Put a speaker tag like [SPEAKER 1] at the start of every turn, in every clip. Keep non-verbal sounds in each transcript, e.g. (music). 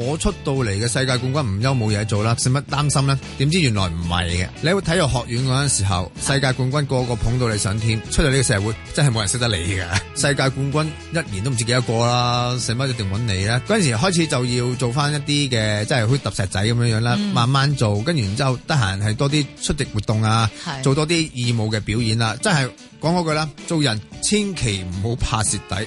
[SPEAKER 1] 我出到嚟嘅世界冠軍唔憂冇嘢做啦，使乜擔心咧？點知原來唔係嘅，喺體育學院嗰陣時候，世界冠軍個個捧到你上天，出到呢個社會真係冇人識得你嘅。世界冠軍一年都唔知幾多個啦，使乜一定搵你咧？嗰陣時開始就要做翻一啲嘅，即係好似揼石仔咁樣樣啦，嗯、慢慢做，跟住然之後得閒係多啲出席活動啊，是做多啲義務嘅表演啦，即係講嗰句啦，做人千祈唔好怕蝕底。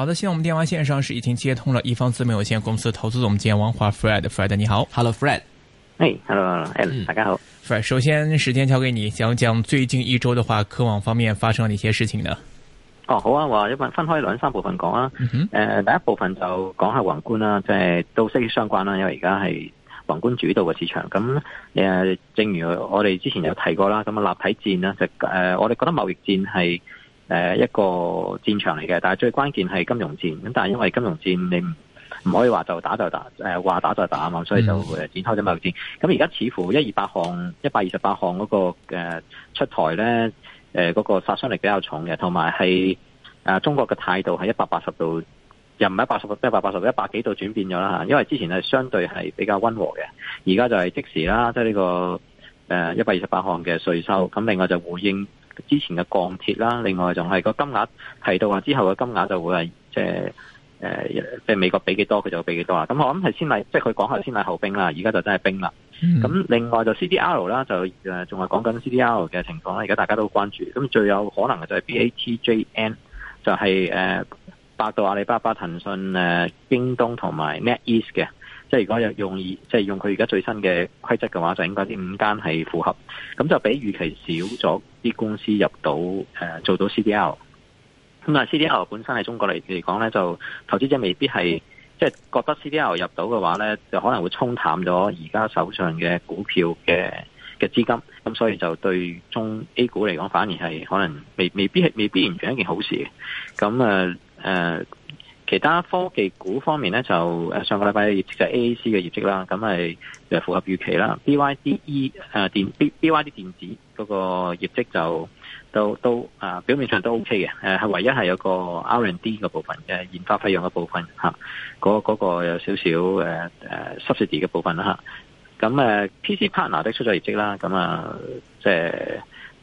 [SPEAKER 1] 好的，現在我們電話線上是已經接通了一方資本有限公司投資總監王華 Fred，Fred Fred，你好，Hello Fred，Hello，Hello，Hello，大家好，Fred，首先時間交給你講講最近一周的話，科網方面發生了哪些事情呢？
[SPEAKER 2] 哦，好啊，我一般分開兩三部分講啦。嗯哼，誒，第一部分就講下宏觀啦，即係都息息相關啦，因為而家係宏觀主導嘅市場，咁誒，正如我哋之前有提過啦，咁立體戰啦，就誒、呃，我哋覺得貿易戰係，誒一個戰場嚟嘅，但係最關鍵係金融戰咁，但係因為金融戰你唔唔可以話就打就打，誒話打就打啊嘛，所以就展開咗貿易戰。咁而家似乎一二八項一百二十八項嗰個誒出台咧，誒、那、嗰個殺傷力比較重嘅，同埋係誒中國嘅態度係一百八十度，又唔係一百八十度，一百八十度一百幾度轉變咗啦嚇，因為之前係相對係比較溫和嘅，而家就係即時啦，即係呢個誒一百二十八項嘅稅收，咁另外就回應。之前嘅鋼鐵啦，另外仲係個金額提到話，之後嘅金額就會係即係誒，即係、呃、美國俾幾多佢就俾幾多啊！咁我諗係先禮，即係佢講係先禮後兵啦，而家就真係兵啦。咁、嗯、另外就 CDR 啦，就誒仲係講緊 CDR 嘅情況啦，而家大家都好關注。咁最有可能嘅就係 BATJN，就係、是、誒、呃、百度、阿里巴巴、騰訊、誒、呃、京東同埋 NetEase 嘅。即係如果用即係用佢而家最新嘅規則嘅話，就應該啲五間係符合，咁就比預期少咗啲公司入到，呃、做到 CDL。咁啊，CDL 本身係中國嚟嚟講咧，就投資者未必係即係覺得 CDL 入到嘅話咧，就可能會沖淡咗而家手上嘅股票嘅嘅資金，咁所以就對中 A 股嚟講，反而係可能未未必係未必完全係一件好事嘅。咁其他科技股方面咧，就上個禮拜嘅業績就係 A A C 嘅業績啦，咁係就符合預期啦。B Y D E 誒、啊、電 B B Y D 電子嗰個業績就都都啊表面上都 O K 嘅，誒、啊、係唯一係有個 R&D 嘅部分嘅、就係、研發費用嘅部分嚇，嗰、啊那個有少少誒誒 subsidy 嘅部分啦嚇。咁、啊、誒、啊、P C partner 都出咗業績啦，咁啊即係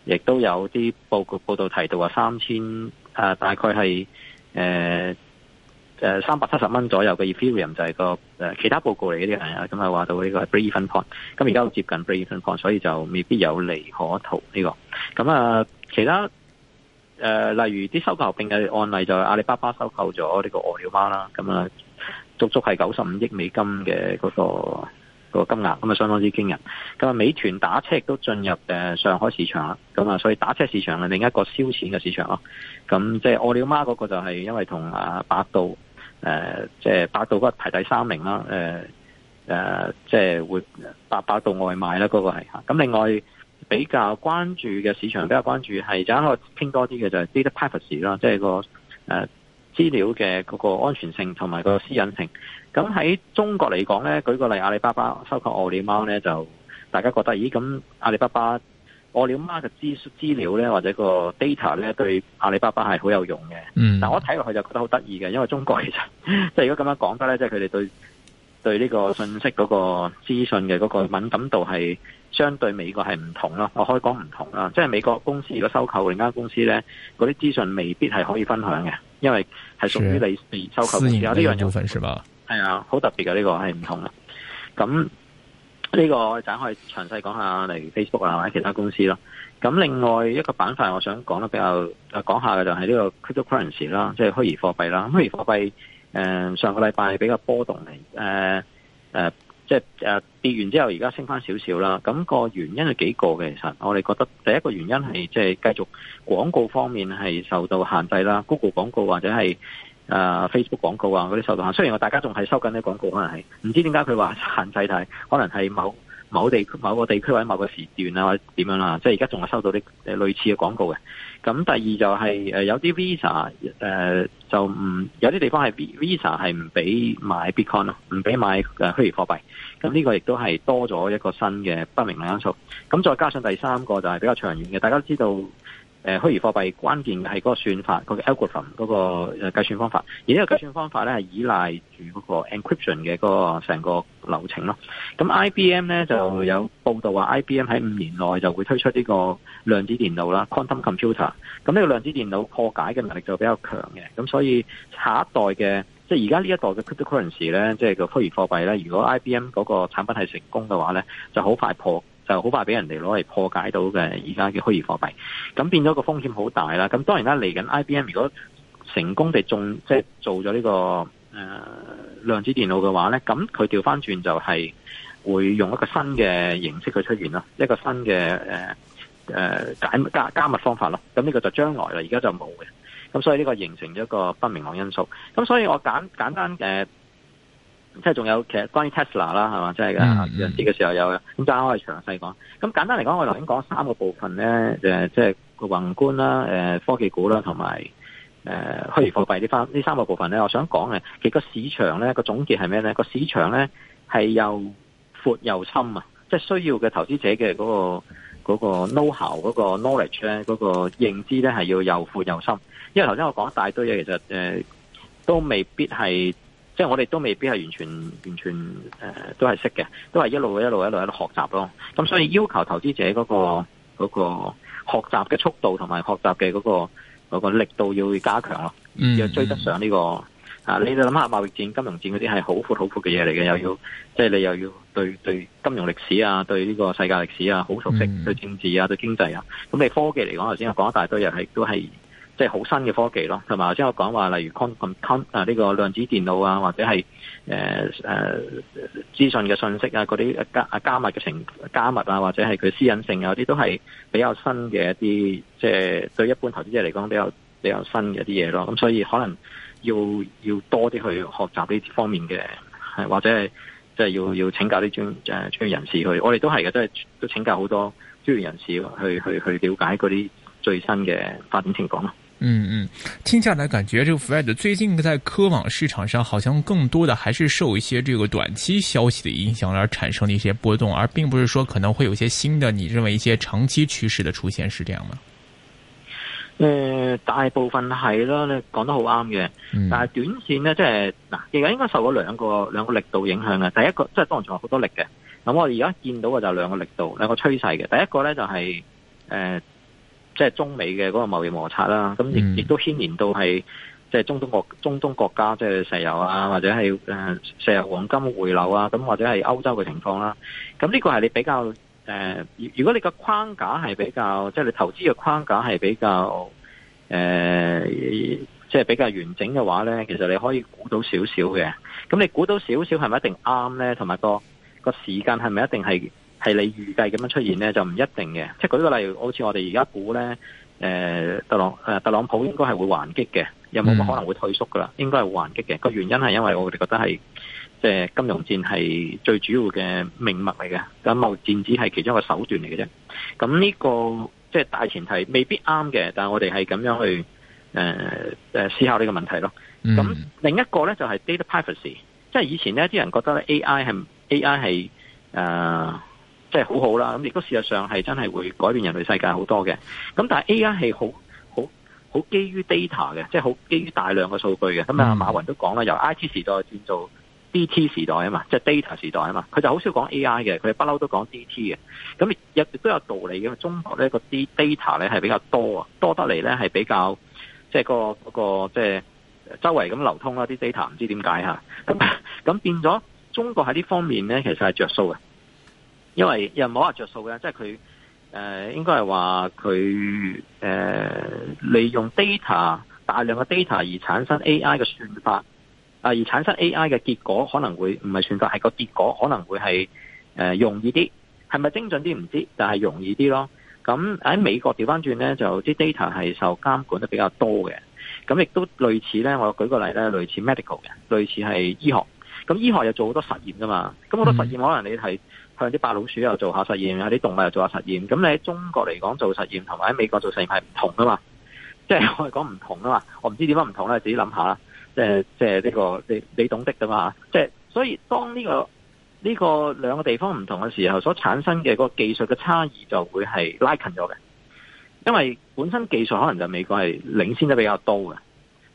[SPEAKER 2] 亦都有啲報告報導提到話三千啊，大概係誒。啊誒三百七十蚊左右嘅 Ethereum 就係個誒、呃、其他報告嚟嗰啲係啊，咁啊話到呢個 break even point，咁而家接近 break even point，所以就未必有利可圖呢、呢個。咁啊，其他誒、呃、例如啲收購並嘅案例就係阿里巴巴收購咗呢個餓了麼啦，咁啊足足係九十五億美金嘅嗰、嗰個嗰個金額，咁啊相當之驚人。咁啊，美團打車亦都進入誒上海市場啦，咁啊，所以打車市場係另一個燒錢嘅市場咯。咁即係餓了麼嗰個就係因為同啊百度。誒，即係、呃就是，百度嗰排第三名啦，誒、呃、誒，即係會百百度外賣啦，嗰，那個係吓。咁另外比較關注嘅市場，比較關注係就一、那個傾多啲嘅就係 Data Privacy 啦，即係個誒資料嘅嗰個安全性同埋個私隱性。咁喺中國嚟講咧，舉個例，阿里巴巴收購餓了麼咧，就大家覺得，咦，咁阿里巴巴。我哋媽嘅資料呢，或者個 data 呢，對阿里巴巴係好有用嘅。嗯，但我睇落去就覺得好得意嘅，因為中國其實即係如果咁樣講得呢，即係佢哋對對呢個信息嗰個資訊嘅嗰個敏感度係相對美國係唔同咯。我可以講唔同啦，即係美國公司如果收購另一間公司呢，嗰啲資訊未必係可以分享嘅，因為係屬於你被收購公司呢樣嘢係嘛？係啊，好特別嘅呢個係唔同啦。咁。呢個我就可以詳細講下，例如 Facebook 啊，或者其他公司咯。咁另外一個板塊，我想講得比較講下嘅就係呢個 cryptocurrency 啦，即係虛擬貨幣啦。虛擬貨幣誒，上個禮拜係比較波動嚟，誒誒即係誒跌完之後而家升翻少少啦。咁個原因係幾個嘅其實，我哋覺得第一個原因係即係繼續廣告方面係受到限制啦，Google 廣告或者係。誒、uh, Facebook 廣告啊，嗰啲收到限。雖然我大家仲係收緊啲廣告，可能係唔知點解佢話限制睇，可能係某某地某個地區或者某個時段啊，或者點樣啦。即係而家仲係收到啲類似嘅廣告嘅。咁第二就係、是、有啲 Visa 誒、呃、就唔有啲地方係 Visa 係唔俾買 Bitcoin 咯，唔俾買誒虛擬貨幣。咁呢個亦都係多咗一個新嘅不明因素。咁再加上第三個就係比較長遠嘅，大家都知道。誒、呃、虛擬貨幣關鍵係嗰個算法，嗰 alg、嗰個 algorithm 嗰個計算方法，而呢個計算方法咧係依賴住嗰個 encryption 嘅嗰個成個流程咯。咁 IBM 咧就有報導話，IBM 喺五年內就會推出呢個量子電腦啦，quantum computer。咁呢個量子電腦破解嘅能力就比較強嘅，咁所以下一代嘅即係而家呢一代嘅 cryptocurrency 咧，即係個虛擬貨幣咧，如果 IBM 嗰個產品係成功嘅話咧，就好快破。就好快俾人哋攞嚟破解到嘅而家嘅虛擬貨幣，咁變咗個風險好大啦。咁當然啦，嚟緊 IBM 如果成功地中即係做咗呢、呢個誒、呃、量子電腦嘅話咧，咁佢調翻轉就係會用一個新嘅形式去出現咯，一個新嘅誒、呃、解加加密方法咯。咁呢個就將來啦，而家就冇嘅。咁所以呢個形成咗個不明朗因素。咁所以我簡簡單即係仲有其實關於 Tesla 啦，係嘛？即係嘅日子嘅時候有嘅。咁，爭開詳細講。咁簡單嚟講，我頭先講三個部分呢、呃，即係個宏觀啦、呃，科技股啦，同埋誒虛擬貨幣呢翻呢三個部分呢。我想講嘅，其實個市場呢，個總結係咩呢？個市場呢，係又闊又深啊！即係需要嘅投資者嘅嗰個嗰個 know how 嗰個 knowledge 呢，嗰個認知呢，係要又闊又深。因為頭先我講一大堆嘢，其實、呃、都未必係。即係我哋都未必係完全完全誒、呃，都係識嘅，都係一路一路一路喺度學習咯。咁所以要求投資者嗰個嗰個學習嘅速度同埋學習嘅嗰個力度要加強咯，要追得上呢個、mm hmm. 啊！你哋諗下，貿易戰、金融戰嗰啲係好闊好闊嘅嘢嚟嘅，又要即係你又要對對金融歷史啊，對呢個世界歷史啊，好熟悉，mm hmm. 對政治啊，對經濟啊，咁你科技嚟講頭先講一大堆人係都係。即係好新嘅科技咯，同埋即係我講話，例如誒呢個量子電腦啊，或者係誒誒資訊嘅信息啊，嗰啲加啊加密嘅情加密啊，或者係佢私隱性啊，啲都係比較新嘅一啲，即係對一般投資者嚟講比較比較新嘅一啲嘢咯。咁所以可能要要多啲去學習呢方面嘅，係或者係即係要要請教啲專誒專業人士去。我哋都係嘅，都係都請教好多專業人士去去去，去了解嗰啲最新嘅發展情況咯。
[SPEAKER 1] 嗯嗯，聽下來感覺這個 Fred 最近在科網市場上，好像更多的還是受一些這個短期消息的影響而產生的一些波動，而並不是說可能會有一些新的你認為一些長期趨勢的出現，是這樣嗎？呃，
[SPEAKER 2] 大部分係啦，你講得好啱嘅。嗯、但係短線呢，即係嗱，而家應該受咗兩個兩個力度影響嘅。第一個即係當然仲有好多力嘅。咁我而家見到嘅就係兩個力度，兩個趨勢嘅。第一個呢、就係，就係誒。即係中美嘅嗰個貿易摩擦啦，咁亦亦都牽連到係即係中東國、中東國家即係、就是、石油啊，或者係誒石油、黃金回流啊，咁或者係歐洲嘅情況啦。咁呢個係你比較誒、呃，如果你個框架係比較即係、就是、你投資嘅框架係比較誒，即、呃、係、就是、比較完整嘅話咧，其實你可以估到少少嘅。咁你估到少少係咪一定啱咧？同埋個個時間係咪一定係？係你預計咁樣出現咧，就唔一定嘅。即係舉個例，好似我哋而家估咧，誒，特朗普，特朗普應該係會還擊嘅，有冇可能會退縮噶啦？應該係還擊嘅。個原因係因為我哋覺得係即係金融戰係最主要嘅命脈嚟嘅，咁貿戰只係其中一個手段嚟嘅啫。咁呢個即係大前提未必啱嘅，但係我哋係咁樣去誒誒、呃啊、思考呢個問題咯。咁、嗯、另一個咧就係、是、data privacy，即係以前呢啲人覺得 AI 係 AI 係誒。呃即係好好啦，咁亦都事實上係真係會改變人類世界好多嘅，咁但係 A I 係好好好基於 data 嘅，即係好基於大量嘅數據嘅。咁啊、嗯，馬雲都講啦，由 I T 時代轉做 D T 時代啊嘛，即係 data 時代啊嘛，佢就好少講 A I 嘅，佢不嬲都講 D T 嘅。咁亦都有道理嘅，中國咧個啲 data 咧係比較多啊，多得嚟咧係比較即係個嗰個即係周圍咁流通啦啲 data，唔知點解吓，咁咁變咗中國喺呢方面咧，其實係着數嘅。因為又冇話着數嘅，即係佢誒，應該係話佢誒，利用 data 大量嘅 data 而產生 AI 嘅算法啊、呃，而產生 AI 嘅結果可能會唔係算法，係個結果可能會係誒、呃、容易啲，係咪精準啲唔知，但係容易啲咯。咁喺美國調翻轉咧，就啲 data 係受監管得比較多嘅，咁亦都類似咧。我舉個例咧，類似 medical 嘅，類似係醫學。咁醫學又做好多實驗噶嘛，咁好多實驗、嗯、可能你睇。向啲白老鼠又做下實驗，有啲動物又做下實驗。咁你喺中國嚟講做實驗，同埋喺美國做實驗係唔同㗎嘛？即係我哋講唔同㗎嘛？我唔知點解唔同咧，自己諗下啦。即係即係呢個你你懂得㗎嘛？即係所以當呢個呢個兩個地方唔同嘅時候，所產生嘅嗰個技術嘅差異就會係拉近咗嘅。因為本身技術可能就美國係領先得比較多嘅，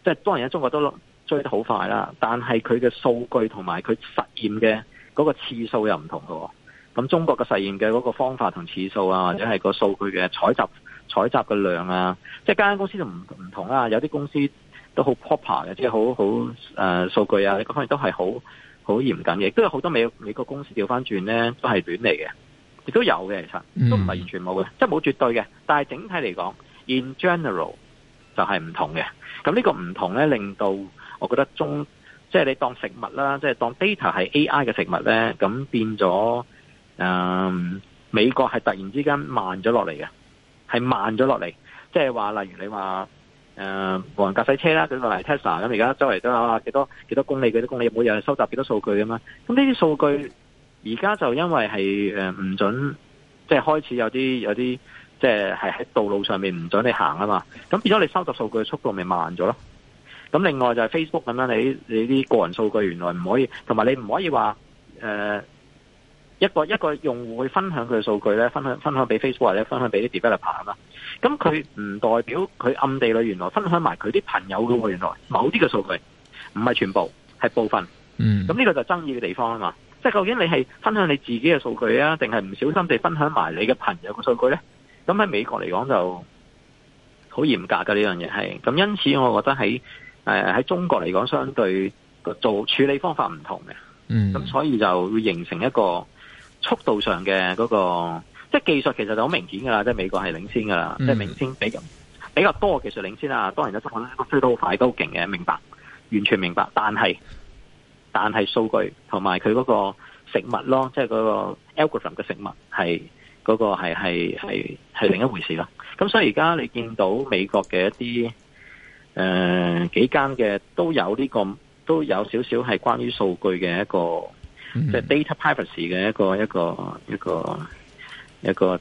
[SPEAKER 2] 即係當然喺中國都追得好快啦。但係佢嘅數據同埋佢實驗嘅嗰個次數又唔同㗎喎。咁中國嘅實驗嘅嗰個方法同次數啊，或者係個數據嘅採集、採集嘅量啊，即係間間公司都唔唔同啊。有啲公司都好 proper 嘅，即係好好誒數據啊，各方面都係好好嚴謹嘅。亦都有好多美美國公司調翻轉咧，都係亂嚟嘅，亦都有嘅。其實都唔係完全冇嘅，即係冇絕對嘅。但係整體嚟講，in general 就係唔同嘅。咁呢個唔同咧，令到我覺得中即係你當食物啦，即係當 data 係 AI 嘅食物咧，咁變咗。誒，美國係突然之間慢咗落嚟嘅，係慢咗落嚟。即係話，例如你話誒，無人駕駛車啦，嗰個係 Tesla 咁，而家周圍都有幾多幾多公里，幾多公里每日收集幾多數據咁啊。咁呢啲數據而家就因為係誒唔準，即係開始有啲有啲，即係係喺道路上面唔準你行啊嘛。咁變咗你收集數據嘅速度咪慢咗咯。咁另外就係 Facebook 咁樣，你你啲個人數據原來唔可以，同埋你唔可以話誒。呃一個一個用戶去分享佢嘅數據咧，分享分享俾 Facebook 或者分享俾啲 developer 啊嘛，咁佢唔代表佢暗地裏原來分享埋佢啲朋友嘅喎，原來某啲嘅數據唔係全部係部分，嗯，咁呢個就爭議嘅地方啊嘛，即究竟你係分享你自己嘅數據啊，定係唔小心地分享埋你嘅朋友嘅數據咧？咁喺美國嚟講就好嚴格嘅呢樣嘢，係咁，因此我覺得喺、呃、喺中國嚟講，相對做處理方法唔同嘅，嗯，咁所以就會形成一個。速度上嘅嗰，那個，即係技術其實就好明顯㗎啦，即係美國係領先㗎啦，即係、mm hmm. 領先比較比較多嘅技術領先啦。當然啦，都好快都勁嘅，明白，完全明白。但係但係數據同埋佢嗰個食物咯，即係嗰個 algorithm 嘅食物係嗰，那個係係係係另一回事啦。咁所以而家你見到美國嘅一啲誒，呃，幾間嘅都有呢、這個都有少少係關於數據嘅一個。嗯，即係 data privacy 嘅一個、一個、一個、一個。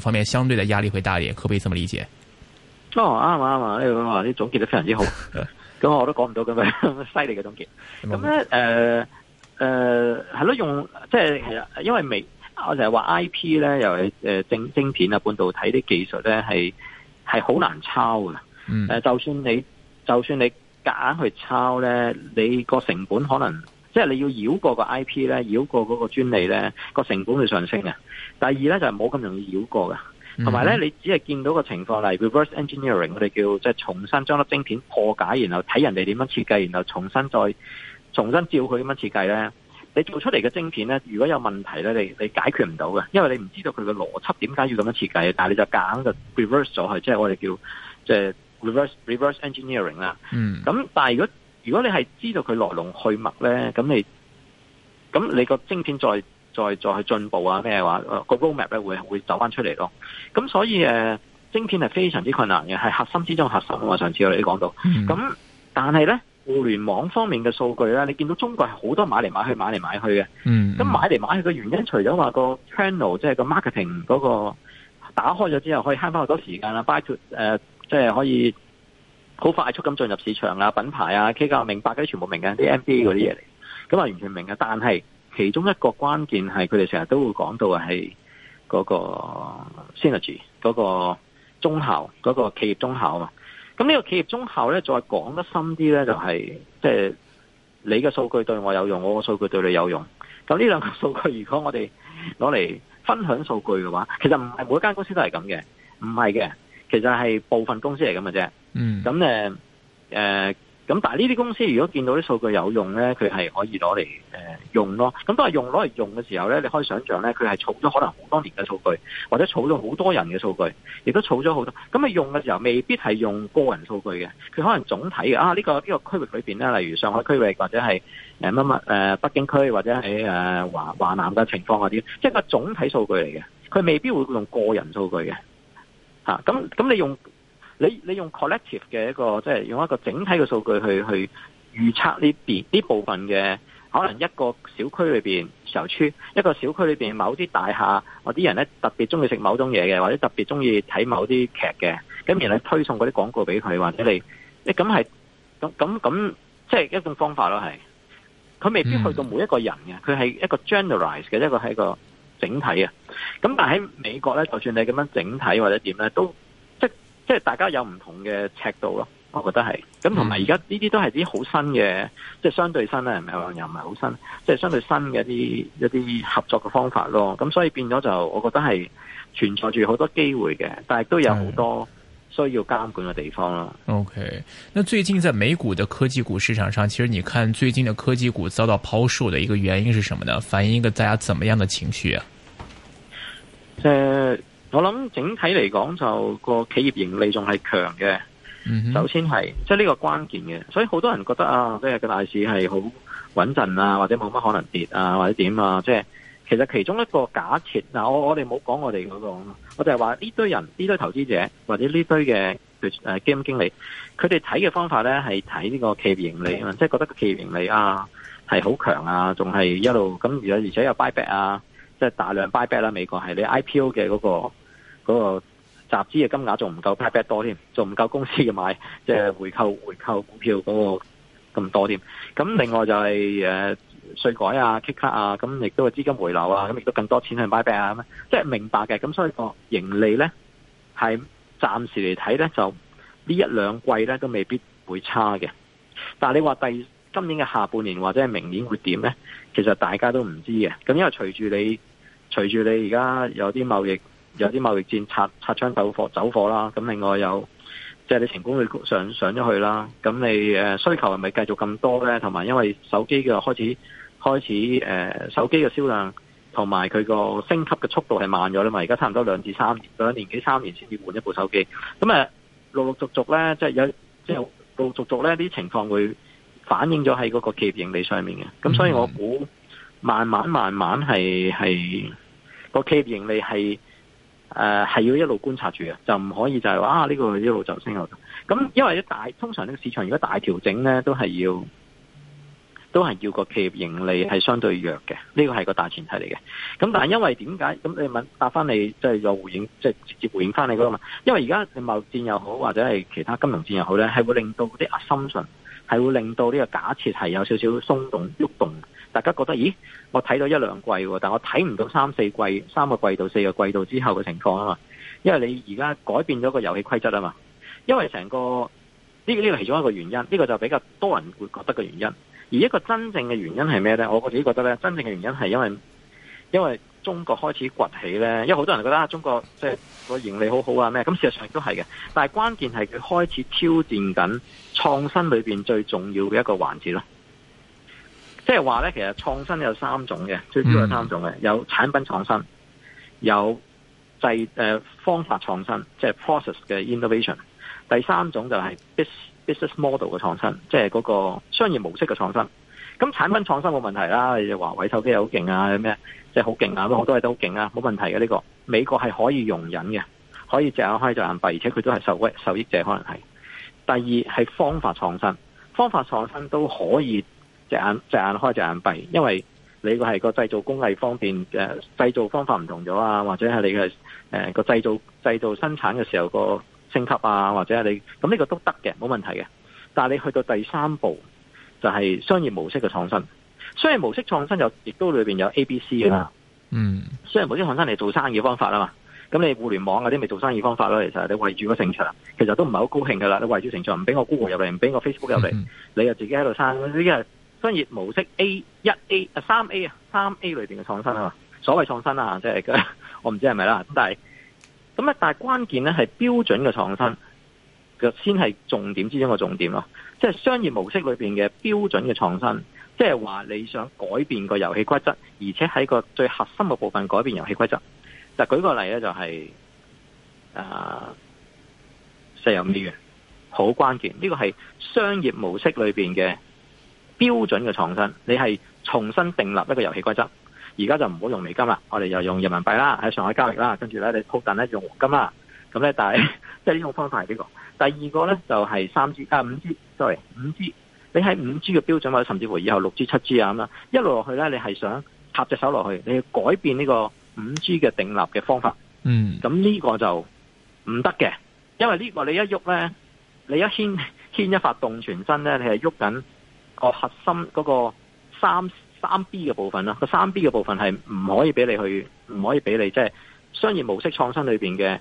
[SPEAKER 1] 方面相對嘅壓力會大啲，可唔可以這麼理解？哦
[SPEAKER 2] 啱啊啱啊，呢個話啲總結得非常之好，咁我都講唔到咁樣犀利嘅總結。咁、uh, 咧，誒誒係咯，用即係其實，因為微，我就係話 IP 咧，又係誒正晶片啊、半導體啲技術咧，係係好難抄
[SPEAKER 3] 嘅。
[SPEAKER 2] 誒，就算你就算你夾硬去抄咧，你個成本可能。即係你要繞過個 IP 咧，繞過嗰個專利咧，個成本會上升㗎。第二咧就係冇咁容易繞過㗎。
[SPEAKER 3] 同埋咧你
[SPEAKER 2] 只係見到個情況，例如 reverse engineering，我哋叫即係重新將粒晶片破解，然後睇人哋點樣設計，然後重新再重新照佢點樣設計咧。你做出嚟嘅晶片咧，如果有問題咧，你你解決唔到嘅，因為你唔知道佢嘅邏輯點解要咁樣設計，但係你就夾硬就 reverse 咗佢，即係我哋叫即係 reverse reverse engineering 啦。嗯。咁但係如果如果你係知道佢來龍去脈咧，咁你咁你個晶片再再再進步啊咩話？個 roadmap 咧會會走翻出嚟咯。咁所以誒、呃，晶片係非常之困難嘅，係核心之中核心啊！上次我哋都講到。咁、嗯、但係咧，互聯網方面嘅數據咧，你見到中國係好多買嚟買去，買嚟買去嘅。咁、嗯、買嚟買去嘅原因，除咗話個 channel 即係個 marketing 嗰、那個打開咗之後，可以慳翻好多時間啦，包括誒，即、就、係、是、可以。好快速咁進入市場啊！品牌啊，K 架明白嗰啲全部明嘅，啲 MBA 嗰啲嘢嚟，咁啊的完全明嘅。但係其中一個關鍵係佢哋成日都會講到係嗰個 synergy 嗰個綜效，嗰個企業綜效啊。咁呢個企業綜效呢，再講得深啲呢、就是，就係即係你嘅數據對我有用，我個數據對你有用。咁呢兩個數據，如果我哋攞嚟分享數據嘅話，其實唔係每一間公司都係咁嘅，唔係嘅，其實係部分公司嚟嘅啫。嗯，咁咧，誒、呃，咁但係呢啲公司如果見到啲數據有用咧，佢係可以攞嚟誒用咯。咁都係用攞嚟用嘅時候咧，你可以想象咧，佢係儲咗可能好多年嘅數據，或者儲咗好多人嘅數據，亦都儲咗好多。咁你用嘅時候未必係用個人數據嘅，佢可能總體嘅啊呢、這個呢、這個區域裏邊咧，例如上海區域或者係誒乜乜誒北京區或者係誒華華南嘅情況嗰啲，即係個總體數據嚟嘅，佢未必會用個人數據嘅。吓、啊，咁咁你用？你你用 collective 嘅一個即係用一個整體嘅數據去去預測呢邊呢部分嘅可能一個小區裏邊樓邨一個小區裏邊某啲大廈或啲人咧特別中意食某種嘢嘅，或者特別中意睇某啲劇嘅，咁而咧推送嗰啲廣告俾佢或者你，你咁係咁咁咁即係一種方法咯，係佢未必去到每一個人嘅，佢係一個 generalize 嘅一個係一個整體啊。咁但喺美國咧，就算你咁樣整體或者點咧都。即係大家有唔同嘅尺度咯，我覺得係咁，同埋而家呢啲都係啲好新嘅，嗯、即係相對新啦，唔係又唔係好新，即係相對新嘅一啲一啲合作嘅方法咯。咁所以變咗就我覺得係存在住好多機會嘅，但係都有好多需要監管嘅地方啦、
[SPEAKER 1] 嗯。OK，那最近在美股嘅科技股市場上，其實你看最近嘅科技股遭到拋售的一個原因是什麼呢？反映一個大家怎麼樣的情緒啊？呃
[SPEAKER 2] 我諗整體嚟講，就個企業盈利仲係強嘅，嗯、
[SPEAKER 3] 哼首
[SPEAKER 2] 先係即係呢個關鍵嘅，所以好多人覺得啊，即、這、係個大市係好穩陣啊，或者冇乜可能跌啊，或者點啊，即、就、係、是、其實其中一個假設嗱，我我哋冇講我哋嗰個，我就係話呢堆人、呢堆投資者或者呢堆嘅誒基金經理，佢哋睇嘅方法咧係睇呢個企業盈利啊，即、就、係、是、覺得個企業盈利啊係好強啊，仲係一路咁而且而且有 buy back 啊，即、就、係、是、大量 buy back 啦、啊，美國係你 IPO 嘅嗰、那個。嗰個集資嘅金額仲唔夠 buyback 多添，仲唔夠公司嘅買即係回購回購股票嗰個咁多添。咁另外就係誒稅改啊、cut 卡啊，咁亦都係資金回流啊，咁亦都更多錢去 buyback 啊。咁即係明白嘅。咁所以個盈利咧係暫時嚟睇咧，就這一兩呢一兩季咧都未必會差嘅。但係你話第今年嘅下半年或者係明年會點咧？其實大家都唔知嘅。咁因為隨住你隨住你而家有啲貿易。有啲貿易戰擦擦槍走火走火啦，咁另外有即係、就是、啲成本會上上咗去啦。咁你、呃、需求係咪繼續咁多咧？同埋因為手機嘅開始開始、呃、手機嘅銷量同埋佢個升級嘅速度係慢咗啦嘛。而家差唔多兩至三年，兩年幾三年先至換一部手機。咁誒、呃、陸陸續續咧，即、就、係、是、有即係陸,陸陸續續咧啲情況會反映咗喺嗰個企業盈利上面嘅。咁所以我估慢慢慢慢係係個企業盈利係。誒，係、呃、要一路觀察住嘅，就唔可以就係、是、話啊呢、這個一路就升落。咁因為大通常呢個市場如果大調整咧，都係要都係要個企業盈利係相對弱嘅，呢、這個係個大前提嚟嘅。咁但係因為點解？咁你問答翻你即係、就是、有回應，即、就、係、是、直接回應翻你嗰個嘛？因為而家貿易戰又好，或者係其他金融戰又好咧，係會令到啲壓心上，係會令到呢個假設係有少少鬆動、喐動，動。大家覺得咦？我睇到一兩季，但我睇唔到三四季、三個季度、四個季度之後嘅情況啊嘛，因為你而家改變咗個遊戲規則啊嘛，因為成個呢呢個其中一個原因，呢個就比較多人會覺得嘅原因。而一個真正嘅原因係咩呢？我自己覺得呢，真正嘅原因係因為因為中國開始崛起呢。因為好多人覺得中國即係個盈利好好啊咩，咁事實上亦都係嘅。但係關鍵係佢開始挑戰緊創新裏面最重要嘅一個環節咯。即係話咧，其實創新有三種嘅，最主要有三種嘅，有產品創新，有製誒、呃、方法創新，即係 process 嘅 innovation。第三種就係 business business model 嘅創新，即係嗰個商業模式嘅創新。咁產品創新冇問題啦，你哋華為手機又好勁啊，咩即係好勁啊，好多嘢都好勁啊，冇問題嘅呢個。美國係可以容忍嘅，可以隻眼開隻眼閉，而且佢都係受受益者，可能係。第二係方法創新，方法創新都可以。隻眼隻眼開隻眼閉，因為你個係個製造工藝方面嘅、呃、製造方法唔同咗啊，或者係你嘅誒個製造製造生產嘅時候個升級啊，或者係你咁呢、嗯這個都得嘅，冇問題嘅。但係你去到第三步就係、是、商業模式嘅創新，商業模式創新又亦都裏面有 A、B、C 啦。嗯，商業模式創新你做生意方法啊嘛。咁你互聯網嗰啲咪做生意方法咯？其實你圍住個城牆，其實都唔係好高興噶啦。你圍住城牆唔俾我 Google 入嚟，唔俾我 Facebook 入嚟，你又自己喺度生呢商業模式 A 1 A 3 A 3 A 裏面嘅創新啊，所謂創新啊，即、就、係、是、我唔知係咪啦。咁但係咁啊，但係關鍵咧係標準嘅創新嘅先係重點之中嘅重點咯。即、就、係、是、商業模式裏面嘅標準嘅創新，即係話你想改變個遊戲規則，而且喺個最核心嘅部分改變遊戲規則。就舉個例咧、就是，就係啊石油美元好關鍵，呢、這個係商業模式裏面嘅。標準嘅創新，你係重新定立一個遊戲規則。而家就唔好用美金啦，我哋又用人民幣啦，喺上海交易啦，跟住咧你鋪單咧用黃金啦。咁咧，但係即係呢種方法係呢個。第二個咧就係三 G 啊五 G，sorry 五 G，你喺五 G 嘅標準或者甚至乎以後六 G、七 G 啊咁啦，一路落去咧，你係想插隻手落去，你要改變呢個五 G 嘅定立嘅方法。嗯，咁呢個就唔得嘅，因為呢個你一喐咧，你一牽牽一發動全身咧，你係喐緊。個核心嗰個三三 B 嘅部分啦，個三 B 嘅部分係唔可以俾你去，唔可以俾你即係商業模式創新裏邊嘅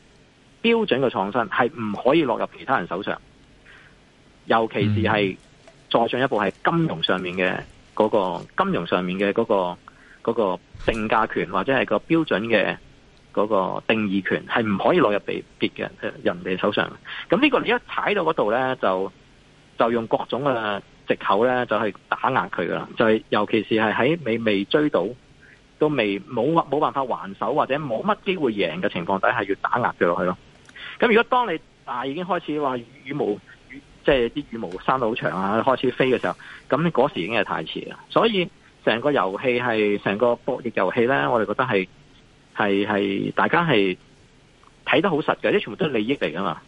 [SPEAKER 2] 標準嘅創新係唔可以落入其他人手上，尤其是係再進一步係金融上面嘅，嗰個金融上面嘅嗰個嗰個定價權或者係個標準嘅嗰個定義權係唔可以落入別別嘅人哋手上。咁呢個你一踩到嗰度咧，就就用各種嘅。 (music) 直口咧就係打壓佢噶啦，就係、是、尤其是係喺未未追到，都未冇冇辦法還手或者冇乜機會贏嘅情況底下，要打壓佢落去咯。咁如果當你、啊、已經開始話羽毛，即係啲羽毛生到好長啊，開始飛嘅時候，咁嗰時已經係太遲啦。所以成個遊戲係成個博弈遊戲咧，我哋覺得係係係大家係睇得好實嘅，即全部都係利益嚟噶嘛。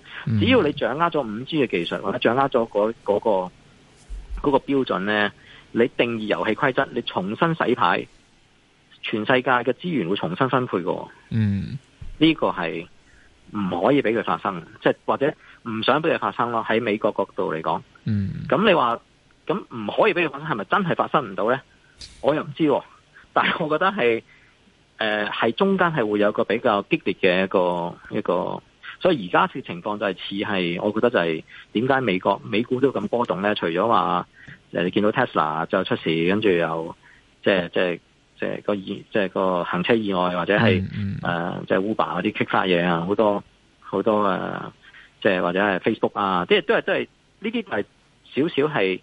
[SPEAKER 2] 只要你掌握咗五 G 嘅技術或者掌握咗嗰嗰個。那個嗰個標準呢，你定義遊戲規則，你重新洗牌，全世界嘅資源會重新分配
[SPEAKER 3] 嘅。
[SPEAKER 2] 嗯，呢個係唔可以俾佢發，發，嗯、發生，即係或者唔想俾佢發生咯。喺美國角度嚟講，嗯，咁你話咁唔可以俾佢發生，係咪真係發生唔到呢？我又唔知，但係我覺得係，係、呃、係中間係會有個比較激烈嘅一個一個，一個所以而家嘅情況就係似係，我覺得就係點解美國美股都咁波動咧？除咗話你見到 Tesla 就出事，跟住又即係即係即係個意，即係個行車意外或者係誒、呃、即係 Uber 嗰啲激發嘢啊，好多好多啊，即係或者係 Facebook 啊，即啲都係都係呢啲係少少係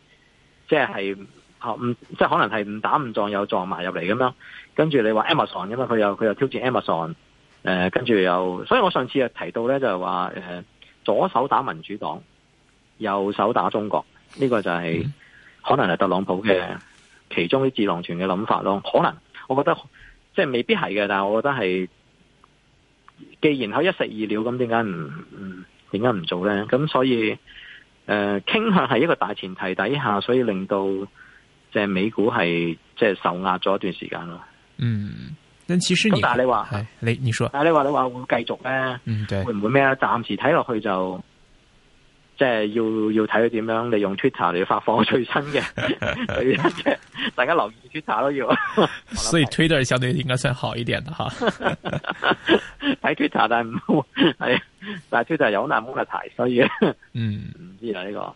[SPEAKER 2] 即係係唔即係可能係誤打誤撞又撞埋入嚟咁樣，跟住你話 Amazon 咁啊，佢又佢又挑戰 Amazon。誒、呃，跟住又，所以我上次又提到咧，就係、是、話，誒、呃，左手打民主黨，右手打中國，呢、這個就係、是嗯、可能係特朗普嘅其中啲智囊團嘅諗法咯。可能我覺得即係未必係嘅，但係我覺得係既然可以一石二鳥，咁點解唔唔點解唔做咧？咁所以誒、呃，傾向係一個大前提底下，所以令到即係美股係即係受壓咗一段時間咯。嗯。但其實你但係你話，你你說，但你話你話會繼續咧，會唔會咩咧？暫時睇落去就即係、嗯、要要睇佢點樣利用 Twitter 嚟發放最新嘅， (laughs) (laughs) 大家留意 Twitter 都要。
[SPEAKER 1] 所以 Twitter 相對應該算好一點
[SPEAKER 2] 嘅。哈。 (laughs) (laughs) 睇 Twitter 但係唔係，但係 Twitter 有好難蒙個題，所以嗯唔知啊呢、這個。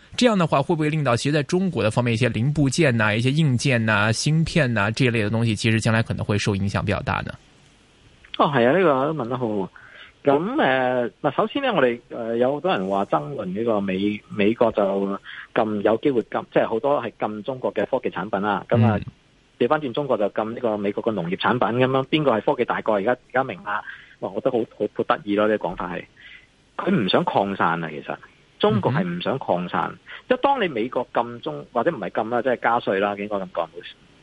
[SPEAKER 1] 這樣的話會不會令到其實在中國的方面，一些零部件啊、一些硬件啊、芯片啊這一類的東西，其實將來可能會受影響比較大呢？
[SPEAKER 2] 哦，係啊，呢、這個我都問得好。咁誒，嗱、呃，首先呢我哋誒、呃、有好多人話爭論呢個美美國就禁有機會禁，即係好多係禁中國嘅科技產品啦。咁啊，調翻轉中國就禁呢個美國嘅農業產品咁樣。邊個係科技大國？而家而家明啦。我覺得好好得意咯，呢個講法係，佢唔想擴散啊，其實。中國係唔想擴散，即係當你美國禁中或者唔係禁啦，即係加稅啦，點講咁講？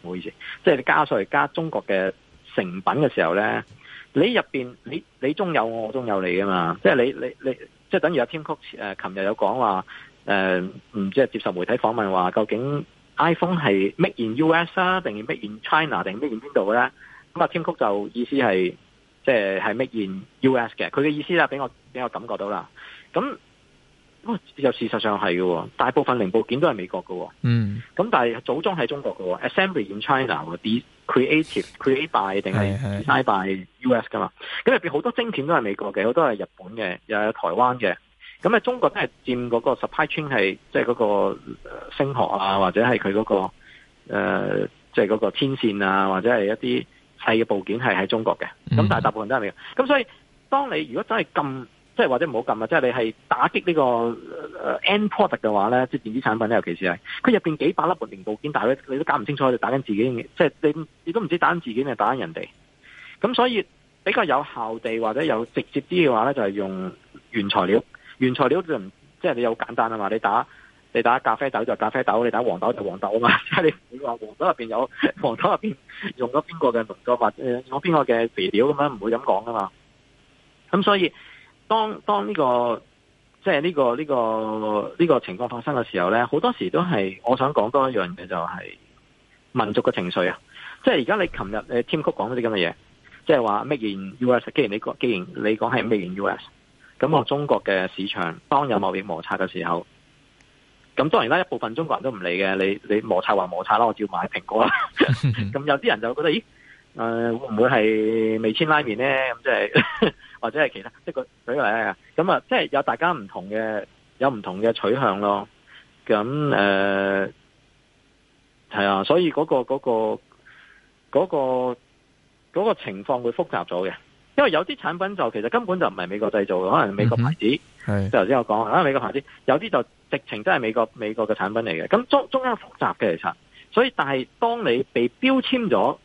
[SPEAKER 2] 唔好意思，即係你加稅加中國嘅成品嘅時候咧，你入面，你你中有我，我中有你噶嘛？即係你你你，即係等於阿 o 曲 k 琴日有講話誒，唔、呃、知係接受媒體訪問話，究竟 iPhone 係 make in U S 啊，定係 make in China，定係 make in 邊度咧？咁阿 o 曲就意思係即係 make in U S 嘅，佢嘅意思啦，俾我俾我感覺到啦，咁。又事實上係嘅，大部分零部件都係美國嘅。嗯，咁但係組裝喺中國嘅，assembly in China，be creative，create by 定係 supply US 噶嘛？咁入邊好多晶片都係美國嘅，好多係日本嘅，又有台灣嘅。咁啊，中國都係佔嗰個 supply chain 係，即係嗰個星河啊，或者係佢嗰個誒，即係嗰個天線啊，或者係一啲細嘅部件係喺中國嘅。咁、嗯、但係大部分都係美國嘅。咁所以，當你如果你真係咁。即係或者唔好撳啊！即係你係打擊呢個誒，end product 嘅話咧，即係電子產品咧，尤其是係佢入邊幾百粒零部件，但係咧你都搞唔清楚，就打緊自己，即係你亦都唔知打緊自己定，就是，打緊人哋。咁所以比較有效地或者有直接啲嘅話咧，就係，是，用原材料。原材料就唔即係你好簡單啊嘛！你打你打咖啡豆就咖啡豆，你打黃豆就黃豆啊嘛！ (laughs) 你唔會話黃豆入邊有黃豆入邊用咗邊個嘅農作物誒，用咗邊個嘅肥料咁樣，唔會咁講噶嘛。咁所以。當當呢、這個即係、這、呢個呢、這個呢、這個情況發生嘅時候咧，好多時都係我想講多一樣嘢，就係民族嘅情緒啊！即係而家你琴日誒，Tim Cook 講咗啲咁嘅嘢，即係話 made in US，既然你講，既然你講係 made in US，咁我中國嘅市場當有貿易摩擦嘅時候，咁當然啦，一部分中國人都唔理嘅，你你摩擦話摩擦啦，我照買蘋果啦。咁 (laughs) (laughs) 有啲人就覺得咦，誒、呃、會唔會係未簽拉麵咧？咁即係。 (laughs) 或者係其他，即係舉個例子啊！咁啊，即係有大家唔同嘅，有唔同嘅取向咯。咁誒，係、呃、啊，所以嗰、嗰個、嗰個、嗰個、嗰個嗰個情況會複雜咗嘅。因為有啲產品就其實根本就唔係美國製造嘅，可能係美國牌子。係頭先我講啊，可能美國牌子，有啲就直情都係美國美國嘅產品嚟嘅。咁中中間複雜嘅其實，所以但係當你被標籤咗，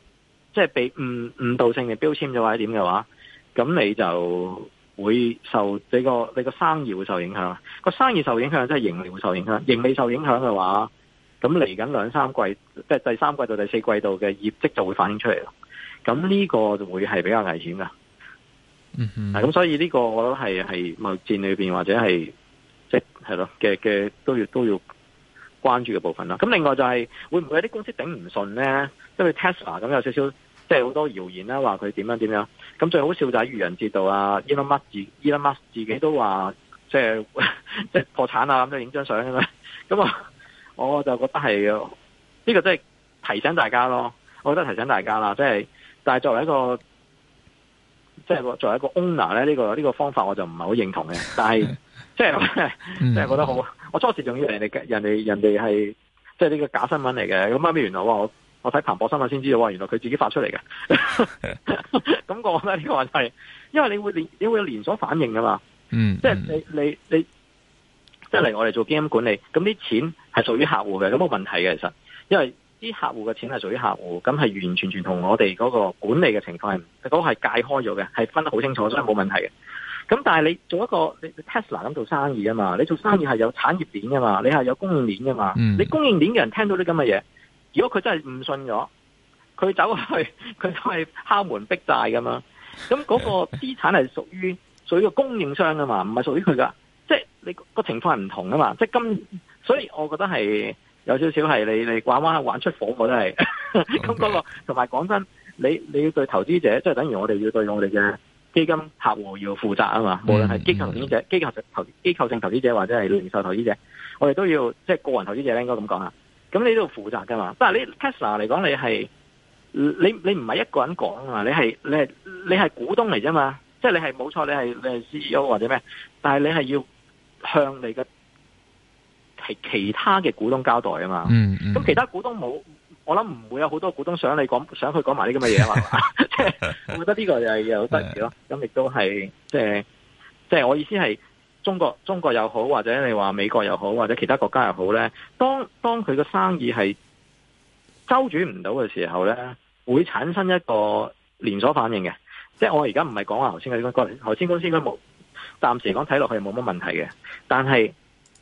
[SPEAKER 2] 即、就、係、是、被誤誤導性嘅標籤咗或者點嘅話。咁你就會受，你個你個生意會受影響，個生意受影響，即係盈利會受影響。盈利受影響嘅話，咁嚟緊兩三季，即係第三季到第四季度嘅業績就會反映出嚟咯。咁呢個就會係比較危險噶。嗯
[SPEAKER 3] 哼。咁所
[SPEAKER 2] 以呢個我覺得係係貿易戰裏邊或者係即係咯嘅嘅都要都要關注嘅部分啦。咁另外就係會唔會有啲公司頂唔順咧？因為 Tesla 咁有少少。即係好多謠言啦，話佢點樣點樣，咁最好笑就係愚人節度啊！Elon Musk Elon Musk 自己都話，即係即係破產啊咁，去影張相咁樣，咁啊，我就覺得係呢個真係提醒大家咯，我覺得提醒大家啦，即係但係作為一個即係作為一個 owner 咧，呢個呢個方法我就唔係好認同嘅， (laughs) 但係即係即係覺得好，我初時仲以為人哋人哋人哋係即係呢個假新聞嚟嘅，咁媽咪原來話我。我睇彭博新聞先知道，原來佢自己發出嚟嘅。咁講咧，呢個係因為你會連你會有連鎖反應噶嘛。嗯、mm hmm.，即係你你你一嚟我哋做基金管理，咁啲錢係屬於客戶嘅，咁冇問題嘅其實，因為啲客戶嘅錢係屬於客戶，咁係完全全同我哋嗰個管理嘅情況係嗰、嗰個係界開咗嘅，係分得好清楚，所以冇問題嘅。咁但係你做一個 Tesla 咁做生意啊嘛，你做生意係有產業鏈噶嘛，你係有供應鏈噶嘛，mm hmm. 你供應鏈嘅人聽到啲咁嘅嘢。如果佢真係唔信咗，佢走去佢都係敲門逼債噶嘛？咁嗰個資產係屬於屬於個供應商噶嘛？唔係屬於佢噶，即係你、個情況係唔同啊嘛？即係今，所以我覺得係有少少係你你玩玩玩出火我都係咁嗰個，同埋講真，你你要對投資者，即、就、係、是、等於我哋要對我哋嘅基金客戶要負責啊嘛？Mm hmm. 無論係機構投資者、機構性投資者、機、mm hmm. 構性投資者或者係零售投資者，mm hmm. 我哋都要即係、就是、個人投資者應該咁講啊。咁你都要負責噶嘛？但係你 Tesla 嚟講，你係你你唔係一個人講啊嘛！你係你係你係股東嚟啫嘛？即係你係冇錯你，你係你係 C E O 或者咩？但係你係要向你嘅其其他嘅股東交代啊嘛！咁、嗯嗯、其他股東冇，我諗唔會有好多股東想你講，想去講埋啲咁嘅嘢啊嘛！即係 (laughs) (laughs) (laughs) 我覺得呢個又又得意咯。咁亦、嗯、都係即係即係我意思係。中國、中國又好，或者你話美國又好，或者其他國家又好呢，當當佢嘅生意係周轉唔到嘅時候呢，會產生一個連鎖反應嘅。即係我而家唔係講我頭先嘅呢，頭先公司應該冇，暫時嚟講睇落去冇乜問題嘅。但係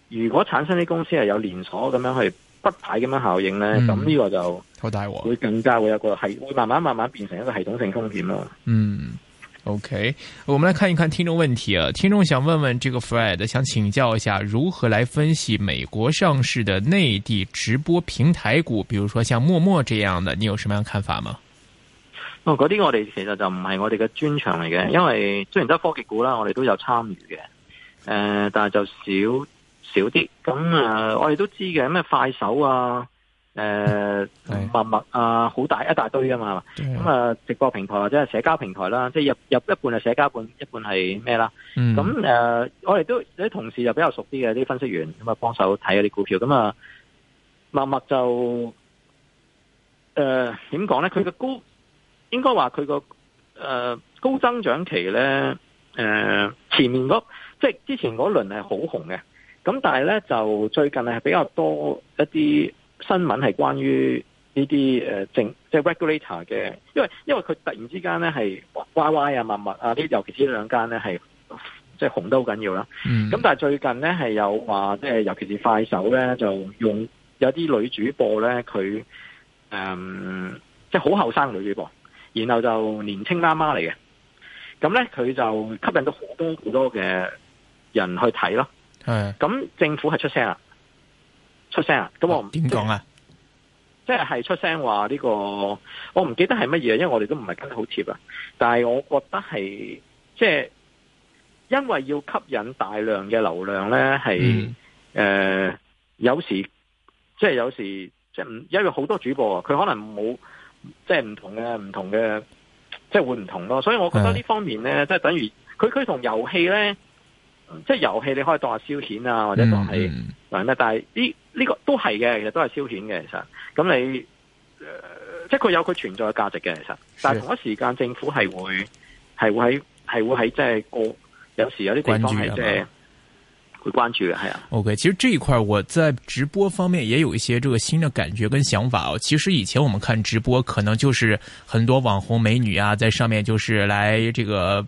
[SPEAKER 2] 如果產生啲公司係有連鎖咁樣去北派咁樣效應呢，咁呢、嗯、個就好大禍，會更加會有個係會慢慢慢慢變成一個系統性風險咯。嗯。
[SPEAKER 1] OK，我們來看一看聽眾問題啊！聽眾想問問這個 Fred，想請教一下，如何來分析美國上市的內地直播平台股，比如說像陌陌這樣的，你有什麼樣看法
[SPEAKER 3] 嗎？
[SPEAKER 2] 哦，嗰啲我哋其實就唔係我哋嘅專長嚟嘅，因為雖然都係科技股啦，我哋都有參與嘅，誒、呃，但係就少少啲。咁、呃、我哋都知嘅，咩快手啊？誒，陌陌啊，好、呃、大一大堆㗎嘛，咁啊對，直播平台或者係社交平台啦，即係入入一半係社交，半一半係咩啦？咁誒、嗯呃，我哋都啲同事就比較熟啲嘅啲分析員咁啊，幫手睇嗰啲股票咁啊，陌陌就誒點講咧？佢、呃、嘅高應該話佢個誒高增長期咧，誒、呃、前面嗰即係之前嗰輪係好紅嘅，咁但係咧就最近係比較多一啲。新聞係關於呢啲誒政，即係 regulator 嘅，因為因為佢突然之間咧係 YY 啊、陌陌啊啲，尤其是呢兩間咧係即係紅得好緊要啦。咁、嗯、但係最近咧係有話，即係尤其是快手咧就用有啲女主播咧，佢誒、呃、即係好後生女主播，然後就年青媽媽嚟嘅。咁咧佢就吸引到好多好多嘅人去睇咯。咁是的 政府係出聲啦。出聲啊！咁我唔點講啊？啊即係係出聲話呢、這個，我唔記得係乜嘢，因為我哋都唔係跟得好貼啊。但係我覺得係，即係因為要吸引大量嘅流量咧，係誒、嗯呃、有時即係有時即係，因為好多主播啊，佢可能冇即係唔同嘅唔同嘅，即係會唔同咯。所以我覺得呢方面咧、嗯，即係等於佢佢同遊戲咧，即係遊戲你可以當下消遣啊，或者當係嗱，嗯、但係啲呢個都係嘅，其實都係消遣嘅，其實咁你，誒，即係佢有佢存在嘅價值嘅，其實，那你呃、即是但係同一時間政府係會係會喺係會喺即係我有時有啲地方係即係會關注嘅，係
[SPEAKER 1] 啊。OK，其實這一塊我在直播方面也有一些這個新嘅感覺跟想法哦。其實以前我們看直播，可能就是很多網紅美女啊，在上面就是來這個。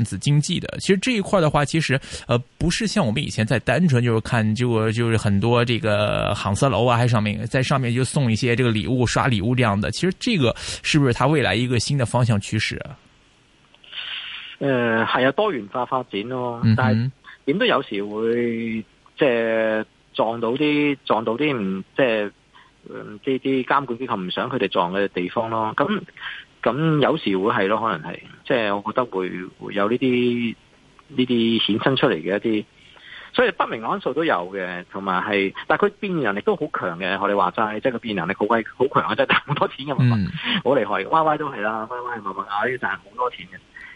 [SPEAKER 1] 數字經濟的，其實這一塊的話，其實呃不是像我們以前在單純就是看就，就就是很多這個行色樓啊，還上面在上面就送一些這個禮物、刷禮物這樣的。其實這個是不是它未來一個新的方向趨勢啊？啊
[SPEAKER 2] 呃，係啊，多元化發展咯。嗯、哼但係點都有時會即係撞到啲撞到啲唔即係嗯啲啲監管機構唔想佢哋撞嘅地方咯。咁咁有時會係咯，可能係，即係我覺得會會有呢啲呢啲衍生出嚟嘅一啲，所以不明安數都有嘅，同埋係，但係佢變現能力都好強嘅。我哋話齋，即係個變現能力好鬼好強嘅，真係賺好多錢嘅嘛，好厲、嗯、害嘅。YY 都係啦，YY 默咪，啊要賺好多錢嘅。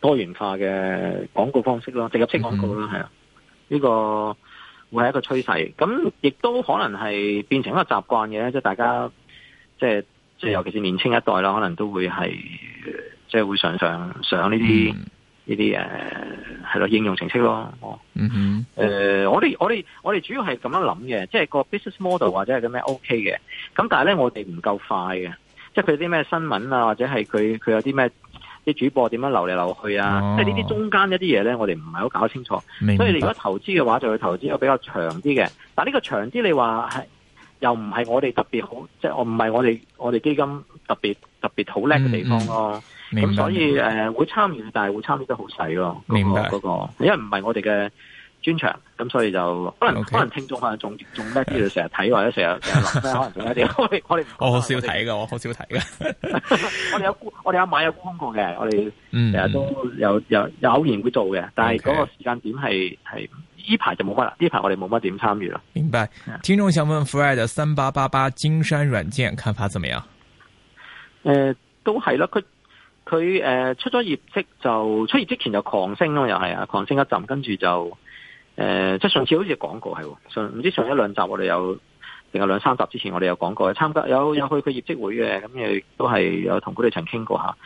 [SPEAKER 2] 多元化嘅廣告方式咯，直入式廣告啦，嗯哼，係啊，呢個會係一個趨勢，咁亦都可能係變成一個習慣嘅，即係大家即係即係尤其是年青一代啦，可能都會係即係會上上上呢啲呢啲誒係咯應用程式咯，哦，嗯哼，誒，我哋我哋我哋主要係咁樣諗嘅，即係個 business model 或者係啲咩 OK 嘅，咁但係咧我哋唔夠快嘅，即係佢啲咩新聞啊，或者係佢佢有啲咩？啲主播點樣流嚟流去啊！哦、即係呢啲中間一啲嘢咧，我哋唔係好搞得清楚。白所以你如果投資嘅話，就去投資有比較長啲嘅。但係呢個長啲，你話係又唔係我哋特別好，即係我唔係我哋我哋基金特別特別好叻嘅地方咯、啊。咁、嗯、所以誒白、呃，會參與，但係會參與得好細咯。那個、明白嗰、那個，因為唔係我哋嘅。專場咁，所以就可能 Okay. 可能聽眾可能仲仲叻啲，就成日睇或者成日成可能仲一啲。我哋我哋好少睇㗎，我好少睇㗎。我哋有我哋阿買有公告嘅，我哋成日都有有，有偶然會做嘅，但係嗰個時間點係係呢排就冇乜啦，呢排我哋冇乜點參與啦。
[SPEAKER 1] 明白？聽眾想問 Fred 三八八八金山軟件看法怎麼樣？
[SPEAKER 2] 誒、呃，都係啦，佢佢誒出咗業績就出業績前就狂升咯，又係啊，狂升一陣，跟住就。誒，即係、呃、上次好似講過係，上唔知道上一兩集我哋有，定係兩三集之前我哋有講過，參加有有去佢業績會嘅，咁亦都係有同佢哋曾傾過下。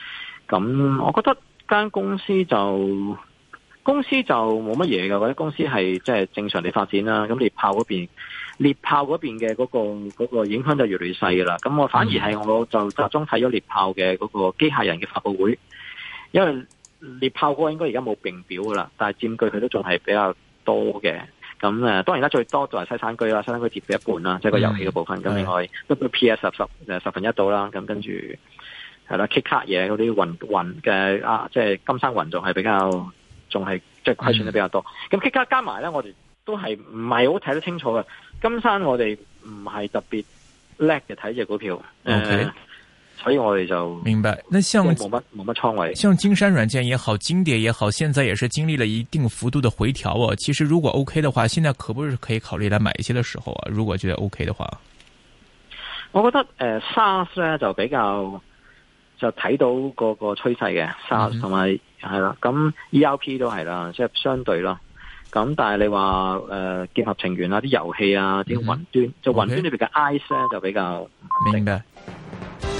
[SPEAKER 2] 咁我覺得間公司就公司就冇乜嘢嘅，或者公司係即係正常地發展啦。咁獵豹嗰邊，獵豹嗰邊嘅嗰、嗰個嗰、嗰個影響就越嚟越細噶啦。咁我反而係我就集中睇咗獵豹嘅嗰個機械人嘅發布會，因為獵豹嗰個應該而家冇併表噶啦，但係佔據佢都仲係比較。多嘅咁誒，當然啦，最多就係西山居啦，西山居跌咗一半啦，即係個遊戲嘅部分。咁、嗯、另外 WPS 十誒十分一度啦，咁跟住係啦，Kick 卡嘢嗰啲雲雲嘅啊，即係金山雲仲係比較仲係即係虧損得比較多。咁 Kick 卡加埋咧，我哋都係唔係好睇得清楚嘅。金山我哋唔係特別叻嘅睇隻股票。Okay. 呃所以我哋就明白。那像冇乜冇乜倉位，
[SPEAKER 1] 像金山軟件也好，金蝶也好，現在也是經歷了一定幅度的回調。其實如果 OK 的話，現在可不可以考慮來買一些的時候啊。如果覺得 OK 的話，
[SPEAKER 2] 我覺得誒，SaaS 咧就比較就睇到嗰個趨勢嘅 SaaS，同埋係啦，咁、嗯、ERP 都係啦，即係相對啦。咁但係你話誒，結合成員啊，啲遊戲啊，啲雲端，嗯、就雲端裏邊嘅 IaaS 咧就比較明白。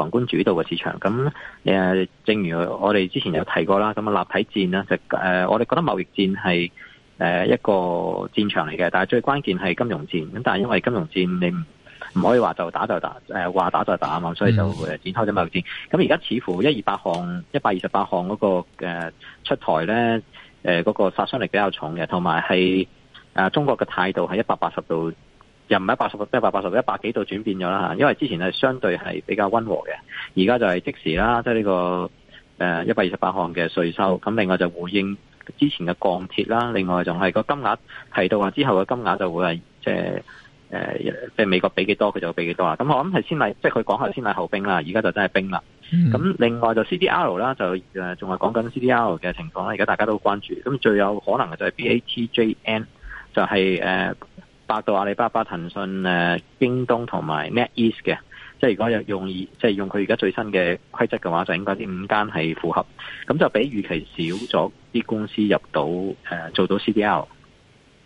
[SPEAKER 2] 宏觀主導嘅市場，咁誒，正如我哋之前有提過啦，咁立體戰咧，就誒，我哋覺得貿易戰係誒一個戰場嚟嘅，但係最關鍵係金融戰，咁但係因為金融戰你唔唔可以話就打就打，誒話打就打啊嘛，所以就展開咗貿易戰。咁而家似乎一二八項一百二十八項嗰個誒出台咧，誒、那、嗰個殺傷力比較重嘅，同埋係誒中國嘅態度係一百八十度。又唔係八十一百八十一百幾度轉變咗啦嚇，因為之前係相對係比較溫和嘅，而家就係即時啦，即係呢個誒一百二十八項嘅稅收，咁另外就回應之前嘅鋼鐵啦，另外仲係個金額提到話之後嘅金額就會係即係誒，即係、呃、美國俾幾多佢就俾幾多啊，咁我諗係先禮，即係佢講係先禮後兵啦，而家就真係兵啦。咁、嗯、另外就 C D R 啦，就誒仲係講緊 C D R 嘅情況啦，而家大家都關注，咁最有可能嘅就係 B A T J N 就係、是、誒。呃百度、阿里巴巴、騰訊、誒、京東同埋 NetEase 嘅，即係如果用用而即係用佢而家最新嘅規則嘅話，就應該啲五間係符合。咁就比預期少咗啲公司入到誒做到 CDL。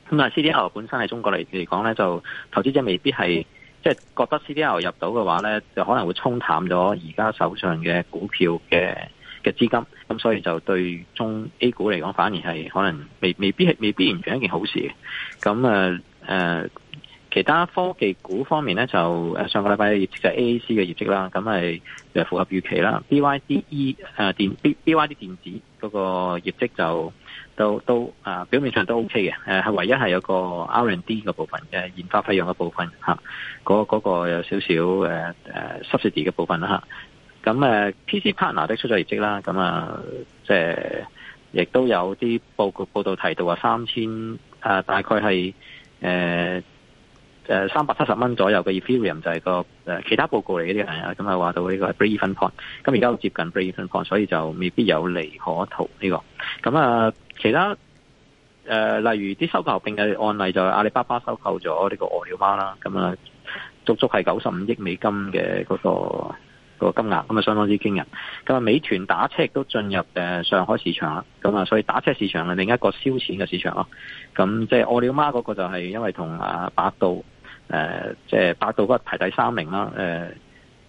[SPEAKER 2] 咁但係 CDL 本身係中國嚟嚟講咧，就投資者未必係即係覺得 CDL 入到嘅話咧，就可能會沖淡咗而家手上嘅股票嘅嘅資金。咁所以就對中 A 股嚟講，反而係可能未未必係未必完全係一件好事嘅。咁誒。誒、呃，其他科技股方面咧，就誒上個禮拜嘅業績就是 A A C 嘅業績啦，咁係誒符合預期啦。B Y D E 誒、呃、電 B B Y D 電子嗰個業績就都都誒、呃、表面上都 O K 嘅，誒、呃、係唯一係有個 R&D 嘅部分嘅研發費用嘅部分吓，嗰、啊、嗰、那個有少少誒誒、呃、subsidy 嘅部分啦吓。咁、啊、誒、呃、P C partner 的出咗業績啦，咁啊即係亦都有啲報告報道提到話三千誒大概係。誒，誒、呃呃，三百七十蚊左右嘅 Ethereum 就係個誒、呃、其他報告嚟嗰啲係啊，咁係話到呢個 break even point，咁而家接近 break even point，所以就未必有利可圖呢、這個。咁啊、呃，其他誒、呃，例如啲收購併嘅案例就係阿里巴巴收購咗呢個餓了麼啦，咁啊，足足係九十五億美金嘅嗰、那個個金額咁啊，相當之驚人。咁啊，美團打車亦都進入誒上海市場啦。咁啊，所以打車市場係另一個燒錢嘅市場咯。咁即係餓了麼嗰個就係因為同啊百度誒，即、呃、係、就是、百度嗰排第三名啦。誒、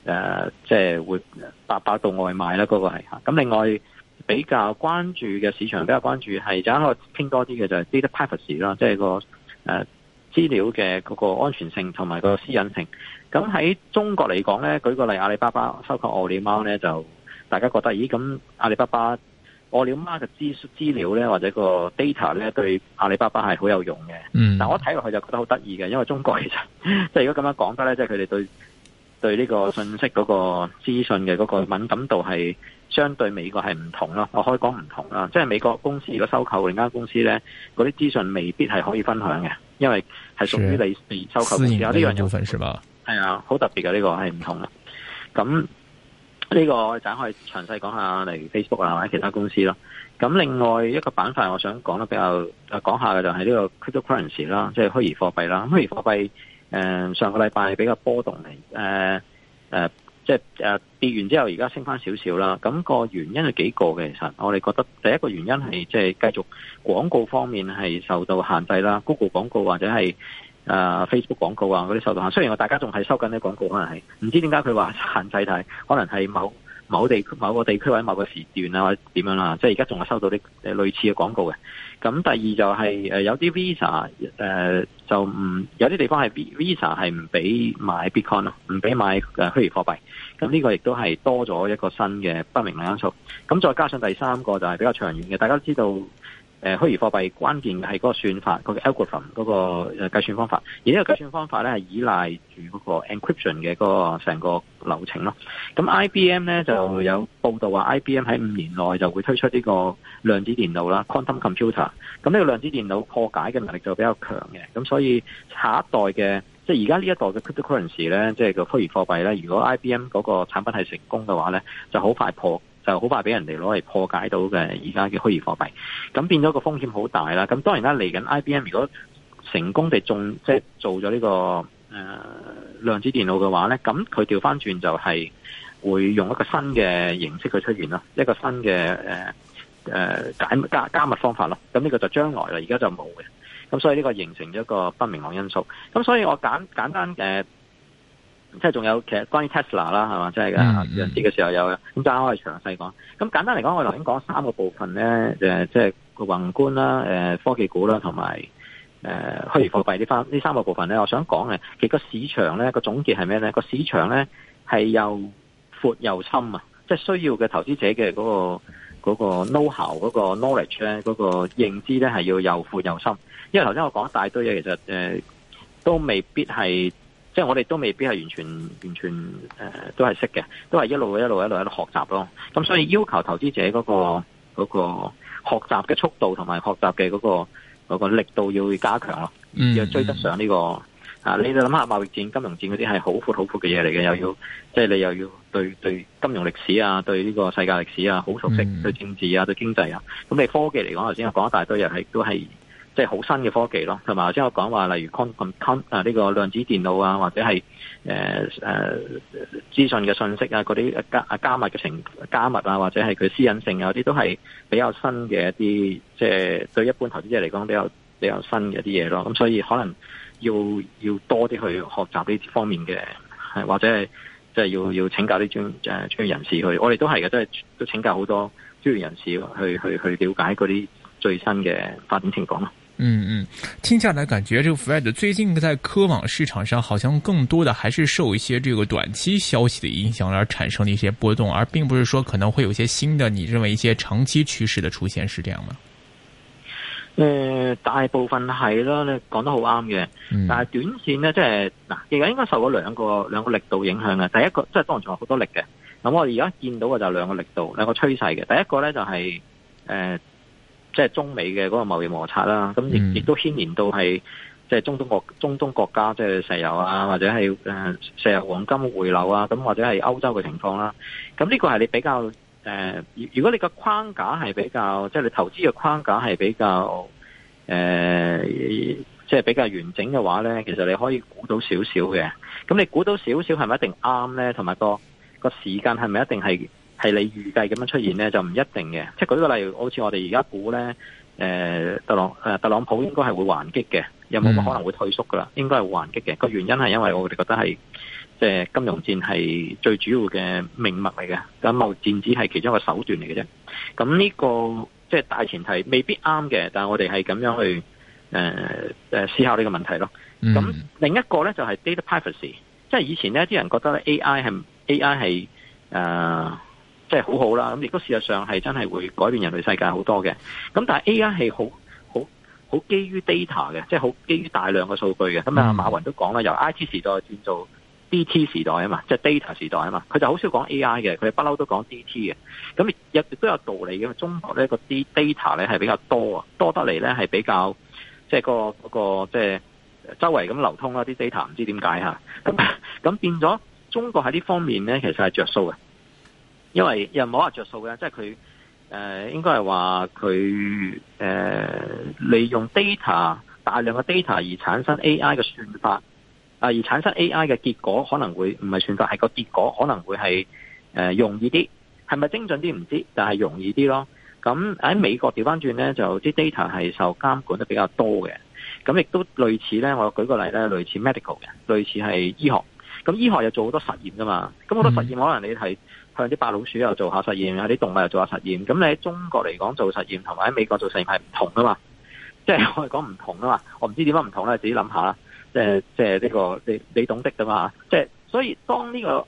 [SPEAKER 2] 呃、誒，即係會百百度外賣啦，嗰個係吓。咁另外比較關注嘅市場，比較關注係就一、那個傾多啲嘅就係 data privacy 啦，即係個誒資料嘅嗰個安全性同埋個私隱性。咁喺中國嚟講咧，舉個例，阿里巴巴收購餓了貓咧，就大家覺得，咦？咁阿里巴巴餓了貓嘅資資料咧，或者個 data 咧，對阿里巴巴係好有用嘅。嗯。但我睇落去就覺得好得意嘅，因為中國其實即係如果咁樣講得咧，即係佢哋對對呢個信息嗰個資訊嘅嗰個敏感度係、嗯、相對美國係唔同咯。我可以講唔同啦，即係美國公司如果收購另一間公司咧，嗰啲資訊未必係可以分享嘅，因為係屬於你被收購是公司呢樣嘢部分，係種係啊，好特別嘅呢個係唔同啦。咁呢個我哋可以詳細講下，例如 Facebook 啊或者其他公司啦。咁另外一個板塊，我想講得比較誒講下嘅就係呢個 cryptocurrency 啦，即係虛擬貨幣啦。虛擬貨幣、呃、上個禮拜係比較波動嚟，誒即係誒跌完之後而家升翻少少啦。咁個原因係幾個嘅其實，我哋覺得第一個原因係即係繼續廣告方面係受到限制啦，Google 廣告或者係。誒、uh, Facebook 廣告啊，嗰啲收到限。雖然話大家仲係收緊啲廣告，可能係唔知點解佢話限制睇，可能係某某地某個地區或者某個時段啊，或者點樣啦。即係而家仲係收到啲類似嘅廣告嘅。咁第二就係、是、有啲 Visa 誒、呃、就唔有啲地方係 Visa 係唔俾買 Bitcoin 咯，唔俾買誒虛擬貨幣。咁呢個亦都係多咗一個新嘅不明因素。咁再加上第三個就係比較長遠嘅，大家都知道。誒虛擬貨幣關鍵係嗰個算法，嗰個 algorithm 嗰個計算方法，而呢個計算方法咧係依賴住嗰個 encryption 嘅嗰個成個流程咯。咁 IBM 咧就有報道話，IBM 喺五年內就會推出呢個量子電腦啦 （quantum computer）。咁呢個量子電腦破解嘅能力就比較強嘅，咁所以下一代嘅即係而家呢一代嘅 cryptocurrency 咧，即係個虛擬貨幣咧，如果 IBM 嗰個產品係成功嘅話咧，就好快破。就好快俾人哋攞嚟破解到嘅而家嘅虛擬貨幣，咁變咗個風險好大啦。咁當然啦，嚟緊 IBM 如果成功地做即係做咗呢、這個誒、呃、量子電腦嘅話咧，咁佢調翻轉就係會用一個新嘅形式去出現咯，一個新嘅誒、呃、解加加密方法咯。咁呢個就將來啦，而家就冇嘅。咁所以呢個形成咗個不明朗因素。咁所以我簡簡單即係仲有其實關於 Tesla 啦，係嘛？即係嘅日子嘅時候有嘅。咁，爭開詳細講。咁簡單嚟講，我頭先講三個部分呢、呃，即係個宏觀啦、呃，科技股啦，同埋誒虛擬貨幣呢翻呢三個部分呢。我想講嘅，其實個市場呢，個總結係咩呢？個市場呢，係又闊又深啊！即係需要嘅投資者嘅嗰個嗰個 know how 嗰個 knowledge 呢，嗰個認知呢，係要又闊又深。因為頭先我講一大堆嘢，其實、呃、都未必係。即係我哋都未必係完全完全誒、呃，都係識嘅，都係一路一路一路喺度學習咯。咁所以要求投資者嗰個嗰個學習嘅速度同埋學習嘅嗰個力度要加強咯，要追得上呢個、mm hmm. 啊！你哋諗下，貿易戰、金融戰嗰啲係好闊好闊嘅嘢嚟嘅，又要即係你又要對、對金融歷史啊，對呢個世界歷史啊，好熟悉，mm hmm. 對政治啊，對經濟啊，咁你科技嚟講頭先我講一大堆人係都係。即係好新嘅科技咯，同埋即係我講話，例如誒呢個量子電腦啊，或者係誒誒資訊嘅信息啊，嗰啲加啊加密嘅情加密啊，或者係佢私隱性啊，啲都係比較新嘅一啲，即係對一般投資者嚟講比較比較新嘅一啲嘢咯。咁所以可能要要多啲去學習呢方面嘅，係或者係即係要要請教啲專誒專業人士去。我哋都係嘅，都係都請教好多專業人士去去去，去了解嗰啲最新嘅發展情況咯。
[SPEAKER 1] 嗯嗯，聽下來感覺這個 Fred 最近在科網市場上，好像更多的還是受一些這個短期消息的影響而產生了一些波動，而並不是說可能會有一些新的你認為一些長期趨勢的出現，是這樣嗎？呃
[SPEAKER 2] 大部分係啦，你講得好啱嘅。嗯、但係短線呢，即係嗱，而家應該受咗兩個兩個力度影響嘅。第一個即係當然仲有好多力嘅。咁我哋而家見到嘅就是兩個力度，兩個趨勢嘅。第一個呢、就係，就係誒。即係中美嘅嗰個貿易摩擦啦，咁亦亦都牽連到係即係中東國、中東國家即係、即係、石油啊，或者係誒石油、黃金回流啊，咁或者係歐洲嘅情況啦。咁呢個係你比較誒、呃，如果你個框架係比較即係、即係、你投資嘅框架係比較誒，即、呃、係、即係、比較完整嘅話咧，其實你可以估到少少嘅。咁你估到少少係咪一定啱咧？同埋個個時間係咪一定係？係你預計咁樣出現咧，就唔一定嘅。即係舉個例，好似我哋而家估咧，誒、呃，特朗普應該係會還擊嘅，有冇可能會退縮噶啦？Mm. 應該係還擊嘅。個原因係因為我哋覺得係即係金融戰係最主要嘅命脈嚟嘅，咁貿戰只係其中一個手段嚟嘅啫。咁呢、呢個即係大前提未必啱嘅，但係我哋係咁樣去誒誒思考呢個問題咯。咁、mm. 另一個咧就係、係、data privacy，即係以前呢啲人覺得 AI 係 AI 係誒。呃即係好好啦，咁亦都事實上係真係會改變人類世界好多嘅，咁但係 A I 係好好好基於 data 嘅，即係好基於大量嘅數據嘅。咁啊、嗯，馬雲都講啦，由 I T 時代轉做 D T 時代啊嘛，即係 data 時代啊嘛，佢就好少講 A I 嘅，佢不嬲都講 D T 嘅。咁亦都有道理嘅，中國咧個 d data 咧係比較多啊，多得嚟咧係比較即係個嗰個即係周圍咁流通啦啲 data，唔知點解吓，咁咁變咗中國喺呢方面咧，其實係着數嘅。因為又冇話着數嘅，即係佢誒，應該係話佢誒，利用 data 大量嘅 data 而產生 AI 嘅算法啊、呃，而產生 AI 嘅結果可能會唔係算法，係個結果可能會係誒、呃、容易啲，係咪精準啲唔知，但係容易啲咯。咁喺美國調翻轉咧，就啲 data 係受監管得比較多嘅，咁亦都類似咧。我舉個例咧，類似 medical 嘅，類似係醫學。咁醫學又做好多實驗噶嘛，咁好多實驗、嗯、可能你係。向啲白老鼠又做下實驗，有啲動物又做下實驗。咁你喺中國嚟講做實驗，同埋喺美國做實驗係唔同噶嘛？即係我哋講唔同㗎嘛？我唔知點解唔同咧，自己諗下啦。即係即係呢個你你懂得噶嘛？即係所以當呢個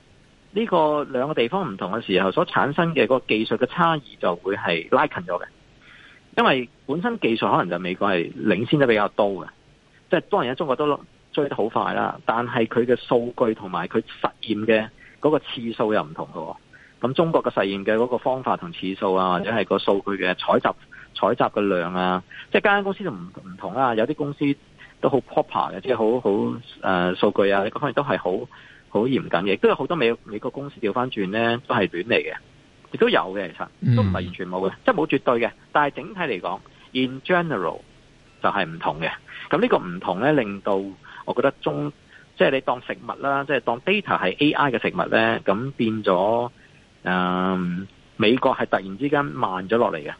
[SPEAKER 2] 呢個兩個地方唔同嘅時候，所產生嘅嗰個技術嘅差異就會係拉近咗嘅。因為本身技術可能就美國係領先得比較多嘅，即係當然喺中國都追得好快啦。但係佢嘅數據同埋佢實驗嘅嗰個次數又唔同嘅喎。咁中國嘅實驗嘅嗰個方法同次數啊，或者係個數據嘅採集、採集嘅量啊，即係間間公司都唔唔同啊。有啲公司都好 proper 嘅，即係好好誒數據啊，各方面都係好好嚴謹嘅。亦都有好多美美國公司調翻轉咧，都係亂嚟嘅，亦都有嘅。其實都唔係完全冇嘅，即係冇絕對嘅。但係整體嚟講，in general 就係唔同嘅。咁呢個唔同咧，令到我覺得中即係你當食物啦，即係當 data 係 AI 嘅食物咧，咁變咗。誒、嗯，美國係突然之間慢咗落嚟嘅，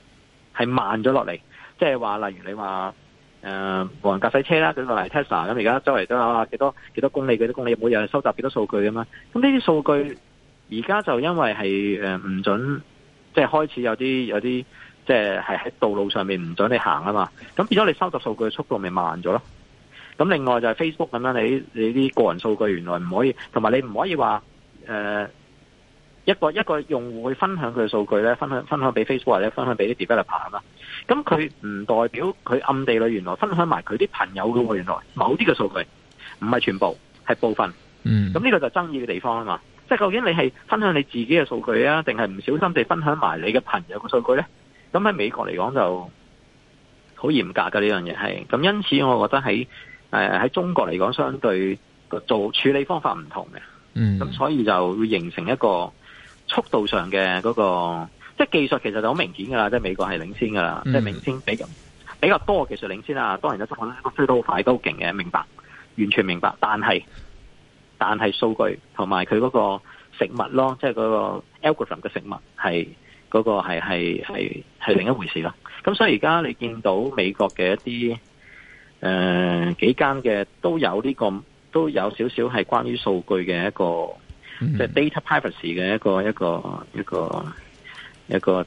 [SPEAKER 2] 係慢咗落嚟。即係話，例如你話誒，無人駕駛車啦，咁例如 Tesla 咁，而家周圍都有幾多幾多公里，幾多公里每日收集幾多數據咁啊。咁呢啲數據而家就因為係誒唔准，即係開始有啲有啲，即係係喺道路上面唔准你行啊嘛。咁變咗你收集數據嘅速度咪慢咗咯。咁另外就係 Facebook 咁樣，你你啲個人數據原來唔可以，同埋你唔可以話誒。呃一個一個用戶去分享佢嘅數據咧，分享分享俾 Facebook 或者分享俾啲 developer 啊嘛，咁佢唔代表佢暗地裏原來分享埋佢啲朋友嘅喎，原來某啲嘅數據唔係全部係部分，嗯，咁呢個就爭議嘅地方啊嘛，即究竟你係分享你自己嘅數據啊，定係唔小心地分享埋你嘅朋友嘅數據咧？咁喺美國嚟講就好嚴格嘅呢樣嘢，係咁，因此我覺得喺、呃、喺中國嚟講，相對做處理方法唔同嘅，嗯，咁所以就會形成一個。速度上嘅嗰、那個，即係技術其實就好明顯㗎啦，即係美國係領先㗎啦，即係、mm hmm. 領先比較比較多嘅技術領先啦。當然啦，都好快都勁嘅，明白，完全明白。但係但係數據同埋佢嗰個食物咯，即係嗰個 algorithm 嘅食物係嗰、那個係係係係另一回事啦。咁所以而家你見到美國嘅一啲誒、呃、幾間嘅都有呢、這個都有少少係關於數據嘅一個。嗯，即係 data privacy 嘅一個、一個、一個、一個。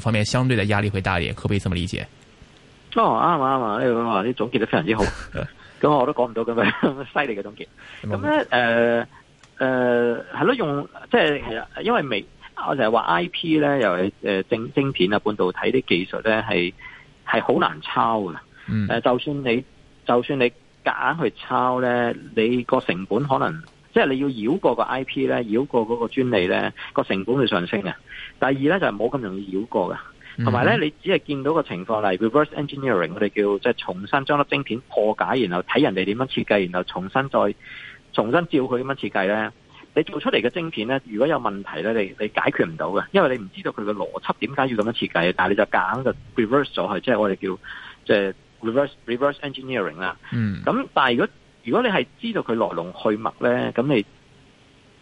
[SPEAKER 1] 方面相對嘅壓力會大啲，可唔可以這麼理解？哦
[SPEAKER 2] 啱啊啱啊，呢個話啲總結得非常之好，咁我都講唔到咁樣犀利嘅總結。咁咧，誒誒係咯，用即係因為微，我就係話 I P 咧，又係誒晶片啊、半導體啲技術咧，係係好難抄噶。誒，就算你就算你夾硬去抄咧，你個成本可能即係你要繞過個 I P 咧，繞過嗰個專利咧，個成本會上升啊。第二咧，就係冇咁容易繞過㗎。
[SPEAKER 3] 同埋咧，你
[SPEAKER 2] 只係見到個情況，例如 reverse engineering，我哋叫即係重新將粒晶片破解，然後睇人哋點樣設計，然後重新再重新照佢點樣設計咧。你做出嚟嘅晶片咧，如果有問題咧，你你解決唔到嘅，因為你唔知道佢嘅邏輯點解要咁樣設計。但你就揀個就 reverse 咗佢，即係我哋叫即係 reverse reverse engineering 啦。嗯，咁但係如果如果你係知道佢來龍去脈咧，咁你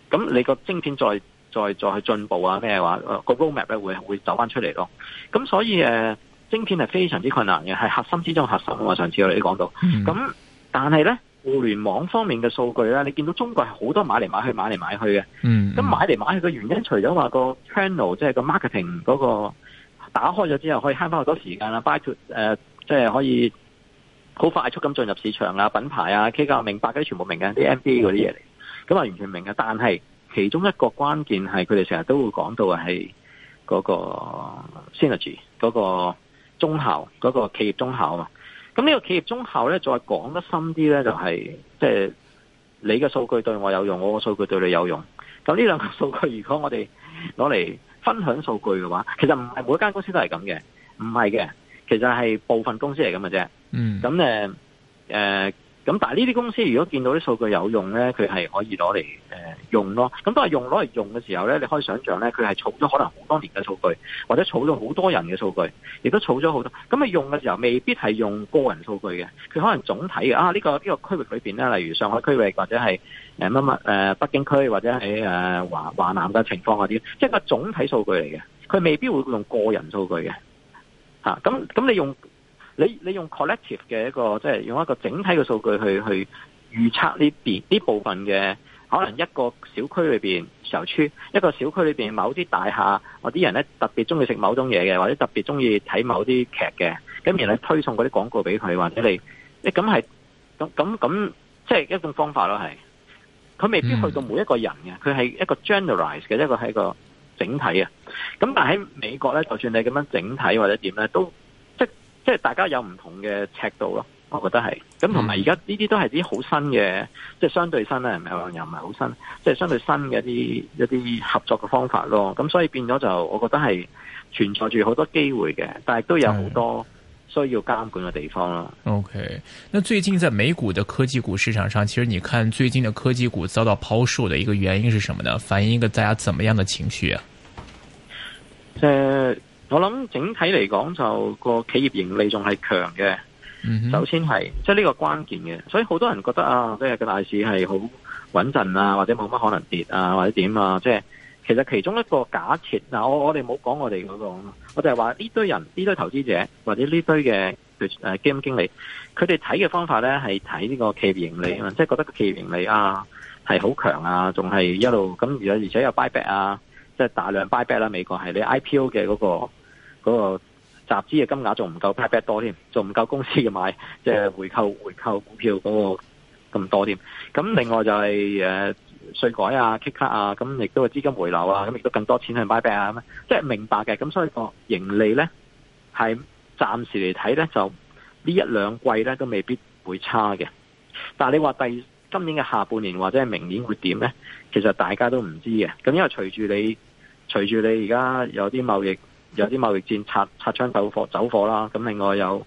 [SPEAKER 2] 咁你個晶片再。再再去進步啊咩話？個 roadmap 咧會會走翻出嚟咯。咁所以誒、啊，晶片係非常之困難嘅，係核心之中核心。我上次我哋講到。咁、mm. 但係咧，互聯網方面嘅數據咧，你見到中國係好多買嚟買去，買嚟買去嘅。咁、mm. 買嚟買去嘅原因，除咗話個 channel 即係個 marketing 嗰、那個打開咗之後，可以慳翻好多時間啦。包括誒，即、就、係、是、可以好快速咁進入市場啊，品牌啊，K 架明白係全部明嘅，啲 MBA 嗰啲嘢嚟。咁、hmm. 啊，完全明嘅，但係。其中一個關鍵係佢哋成日都會講到係嗰個 synergy，嗰個綜效，嗰、嗰個企業綜效啊。咁呢個企業綜效咧，再講得深啲咧、就係，就係即係你嘅數據對我有用，我個數據對你有用。咁呢兩個數據，如果我哋攞嚟分享數據嘅話，其實唔係每間公司都係咁嘅，唔係嘅，其實係部分公司嚟嘅啫。嗯，咁咧，呃咁但係呢啲公司如果見到啲數據有用咧，佢係可以攞嚟用咯。咁都係用攞嚟用嘅時候咧，你可以想象咧，佢係儲咗可能好多年嘅數據，或者儲咗好多人嘅數據，亦都儲咗好多。咁你用嘅時候未必係用個人數據嘅，佢可能總體嘅啊呢個呢個區域裏面咧，例如上海區域或者係乜乜北京區或者喺華,華南嘅情況嗰啲，即係個總體數據嚟嘅，佢未必會用個人數據嘅。咁、啊、咁你用？你你用 collective 嘅一個即係用一個整體嘅數據去去預測呢邊呢部分嘅，可能一個小區裏邊時候邨一個小區裏邊某啲大廈或啲人咧，特別中意食某種嘢嘅，或者特別中意睇某啲劇嘅，咁而咧推送嗰啲廣告俾佢或者你，你咁係咁咁咁即係一種方法咯，係佢未必去到每一個人嘅，佢係一個 generalize 嘅一個係一個整體啊。咁但喺美國咧，就算你咁樣整體或者點咧都。即係大家有唔同嘅尺度咯，我覺得係咁。同埋而家呢啲都係啲好新嘅，嗯、即係相對新咧，又唔係好新，即係相對新嘅一啲一啲合作嘅方法咯。咁所以變咗就，我覺得係存在住好多機會嘅，但係都有好多需要監管嘅地方咯、
[SPEAKER 1] 嗯。OK，那最近在美股嘅科技股市場上，其實你看最近嘅科技股遭到拋售的一個原因是什麼呢？反映一個大家怎麼樣的情緒啊？呃
[SPEAKER 2] 我諗整體嚟講就個企業盈利仲係強嘅，嗯、
[SPEAKER 3] 哼首
[SPEAKER 2] 先係即係呢個關鍵嘅，所以好多人覺得啊，即係個大市係好穩陣啊，或者冇乜可能跌啊，或者點啊，即係其實其中一個假設嗱，我我哋冇講我哋嗰個，我就係話呢堆人，呢堆投資者或者呢堆嘅誒基金經理，佢哋睇嘅方法咧係睇呢個企業盈利啊，即係覺得企業盈利啊係好強啊，仲係一路咁而且而且有 buy back 啊，即係大量 buy back 啦，美國係你 IPO 嘅嗰個。嗰個集資嘅金額仲唔夠 buy back 多添，仲唔夠公司嘅買即係回購回購股票嗰個咁多添。咁另外就係誒稅改啊、cut 卡啊，咁亦都係資金回流啊，咁亦都更多錢去 buy back 啊。咁即係明白嘅。咁所以個盈利咧係暫時嚟睇咧，就呢一兩季咧都未必會差嘅。但係你話第今年嘅下半年或者係明年會點咧？其實大家都唔知嘅。咁因為隨住你隨住你而家有啲貿易。有啲貿易戰擦擦槍走火走火啦，咁另外有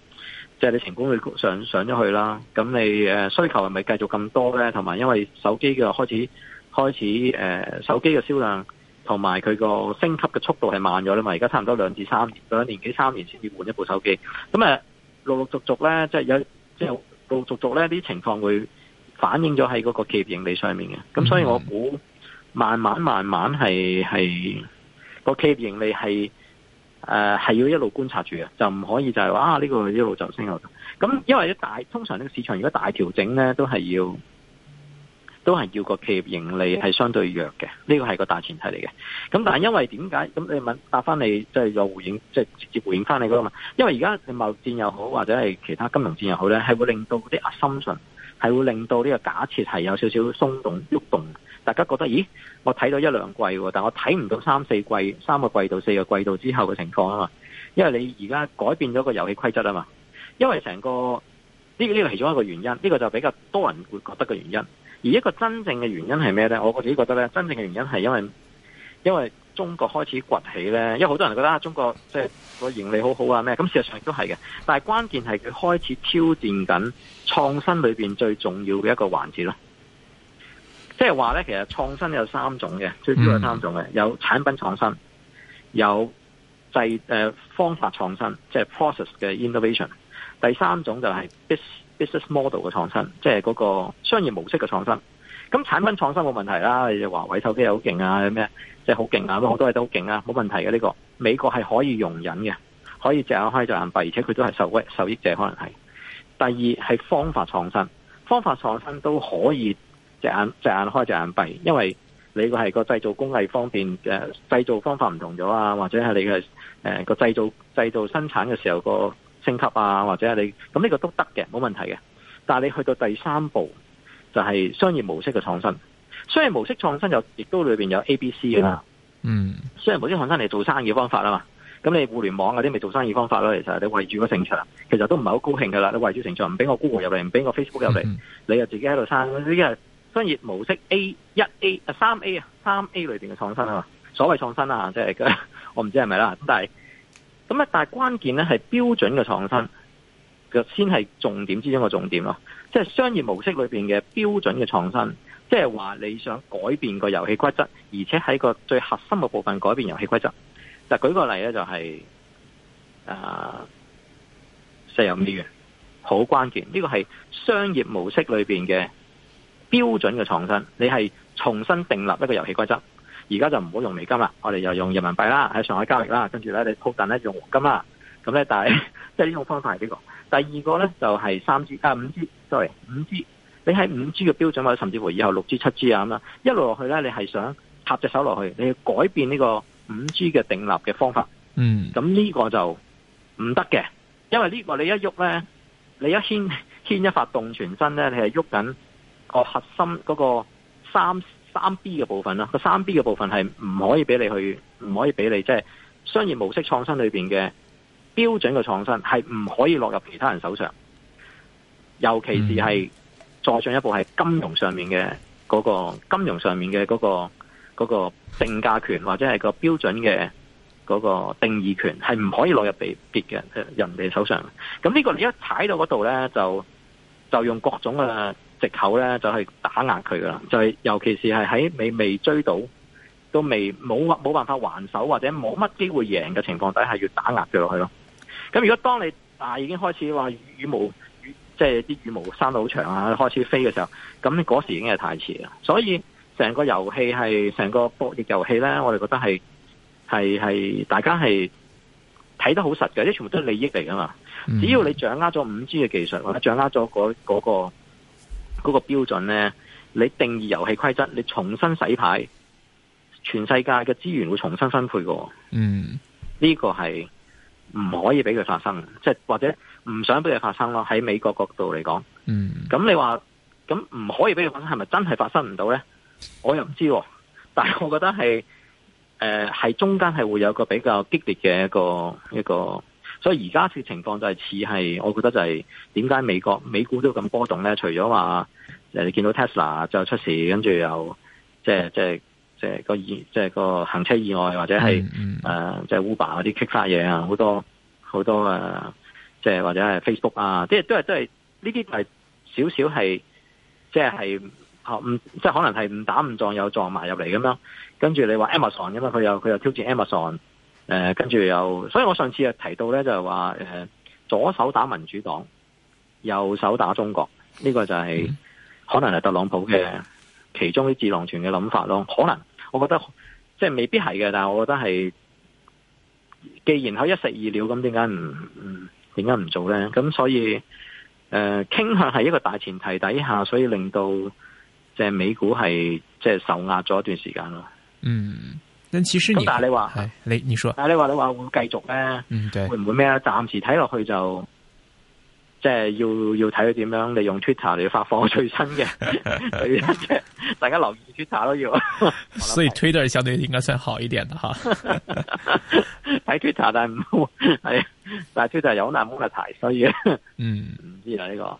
[SPEAKER 2] 即係、就是、啲成本會上上咗去啦。咁你、呃、需求係咪繼續咁多咧？同埋因為手機嘅開始開始、呃、手機嘅銷量同埋佢個升級嘅速度係慢咗啦嘛。而家差唔多兩至三年，兩年幾三年先至換一部手機。咁誒、呃、陸陸續續咧，即、就、係、是、有即係陸,陸陸續續咧啲情況會反映咗喺嗰個企業盈利上面嘅。咁所以我估慢慢慢慢係係個企業盈利係。誒，係、呃、要一路觀察住嘅，就唔可以就係、是、話啊呢、這個一路就升落。咁因為大通常呢個市場如果大調整咧，都係要都係要個企業盈利係相對弱嘅，呢、這個係個大前提嚟嘅。咁但係因為點解？咁你問答翻你即係、就是、有回應，即、就、係、是、直接回應翻你嗰個嘛？因為而家貿易戰又好，或者係其他金融戰又好咧，係會令到啲 assumption，係會令到呢個假設係有少少鬆動、喐動，動。大家覺得，咦？我睇到一兩季，但我睇唔到三四季、三個季度、四個季度之後嘅情況啊嘛。因為你而家改變咗個遊戲規則啊嘛。因為成個呢呢、呢個呢個其中一個原因，呢、呢個就比較多人會覺得嘅原因。而一個真正嘅原因係咩呢？我自己覺得呢，真正嘅原因係因為因為中國開始崛起呢。因為好多人覺得中國即係個盈利好好啊咩。咁事實上都係嘅，但係關鍵係佢開始挑戰緊創新裏面最重要嘅一個環節咯。即係話咧，其實創新有三種嘅，最主要有三種嘅，有產品創新，有制誒、呃、方法創新，即係 process 嘅 innovation。第三種就係 bus, business model 嘅創新，即係嗰個商業模式嘅創新。咁產品創新冇問題啦，華為手機又好勁啊，咩即係好勁啊，好多嘢都好勁啊，冇問題嘅呢個。美國係可以容忍嘅，可以隻眼開隻眼閉，而且佢都係受惠受益者，可能係。第二係方法創新，方法創新都可以。隻眼隻眼開隻眼閉，因為你個係個製造工藝方面嘅、呃、製造方法唔同咗啊，或者係你嘅誒個製造製造生產嘅時候個升級啊，或者係你咁呢、嗯這個都得嘅，冇問題嘅。但係你去到第三步就係、是、商業模式嘅創新，商業模式創新又亦都裏面有 A、B、C 啦。嗯，商業模式創新係你做生意方法啊嘛。咁你互聯網嗰啲咪做生意方法咯？其實你圍住個城牆，其實都唔係好高興噶啦。你圍住城牆唔俾我 Google 入嚟，唔俾我 Facebook 入嚟，你又自己喺度生呢商業模式 A 1 A 3 A 3 A 裏面嘅創新啊，所謂創新啊，即、就、係、是、我唔知係咪啦。咁但係但係關鍵咧係標準嘅創新嘅先係重點之中嘅重點咯。即、就、係、是、商業模式裏面嘅標準嘅創新，即係話你想改變個遊戲規則，而且喺個最核心嘅部分改變遊戲規則。就舉個例咧、就是，就係啊石油美元好關鍵，呢、這個係商業模式裏面嘅。標準嘅創新，你係重新訂立一個遊戲規則。而家就唔好用美金啦，我哋又用人民幣啦，喺上海交易啦，跟住咧你鋪單咧用黃金啦。咁咧，但係即係呢種方法係呢個。第二個咧就係三 G 啊五 G，sorry 五 G，你喺五 G 嘅標準或者甚至乎以後六 G、七 G 啊咁啦，一路落去咧，你係想插隻手落去，你要改變呢個五 G 嘅訂立嘅方法。嗯，咁呢個就唔得嘅，因為呢個你一喐咧，你一牽牽一發動全身咧，你係喐緊。個核心嗰個三三 B 嘅部分啦，個三 B 嘅部分係唔可以俾你去，唔可以俾你，即係、就是、商業模式創新裏面嘅標準嘅創新係唔可以落入其他人手上，尤其是係再進一步係金融上面嘅嗰、那個金融上面嘅嗰、那個嗰、那個定價權或者係個標準嘅嗰個定義權係唔可以落入別別嘅人哋手上。咁呢個你一踩到嗰度咧，就就用各種嘅。直口咧，就係打壓佢噶啦，就係、是、尤其是係喺未未追到，都未冇冇辦法還手或者冇乜機會贏嘅情況底下，要打壓佢落去咯。咁如果當你、啊、已經開始話羽毛，即係啲羽毛生到好長啊，開始飛嘅時候，咁嗰時已經係太遲啦。所以成個遊戲係成個博弈遊戲咧，我哋覺得係係係大家係睇得好實嘅，即全部都係利益嚟噶嘛。只要你掌握咗五 G 嘅技術或者掌握咗嗰嗰個。嗰個嗰個標準呢，你定義遊戲規則，你重新洗牌，全世界嘅資源會重新分配
[SPEAKER 3] 嘅。
[SPEAKER 2] 嗯，呢個係唔可以俾佢發生，即係或者唔想俾佢發生咯。喺美國角度嚟講，嗯，咁你話咁唔可以俾佢發生，係咪真係發生唔到呢？我又唔知，但係我覺得係，呃、係中間係會有個比較激烈嘅一個一個。一個。所以而家嘅情況就係似係，我覺得就係點解美國美股都咁波動咧？除咗話你見到 Tesla 就出事，跟住又即係即係即係個意，即係個行車意外或者係誒、呃、即係 Uber 嗰啲激發嘢啊，好多好多啊，即係或者係 Facebook 啊，即啲都係都係呢啲係少少係即係係唔即係可能係誤打誤撞又撞埋入嚟咁樣，跟住你話 Amazon 咁啊，佢又佢又挑戰 Amazon。誒、呃，跟住又，所以我上次又提到咧，就係話，誒、呃，左手打民主黨，右手打中國，呢個就係嗯、可能係特朗普嘅其中啲智囊團嘅諗法咯。可能我覺得即係未必係嘅，但係我覺得係既然可一石二鳥，咁點解唔唔點解唔做咧？咁所以誒、呃，傾向係一個大前提底下，所以令到即係美股係即係受壓咗一段時間咯。嗯。但其實你但係你話，
[SPEAKER 1] 你你說，但
[SPEAKER 2] 你話你話會繼續咧，會唔會咩咧？暫時睇落去就，即係、嗯、要要睇佢點樣利用 Twitter 嚟發放最新嘅， (laughs) (laughs) 大家留意 Twitter 都要。
[SPEAKER 1] 所以 Twitter 相對應該算好一點
[SPEAKER 2] 嘅。哈。 (laughs) (laughs) 睇 Twitter 但係唔係，但係 Twitter 有好難蒙個題，所以嗯唔知啊呢、這個。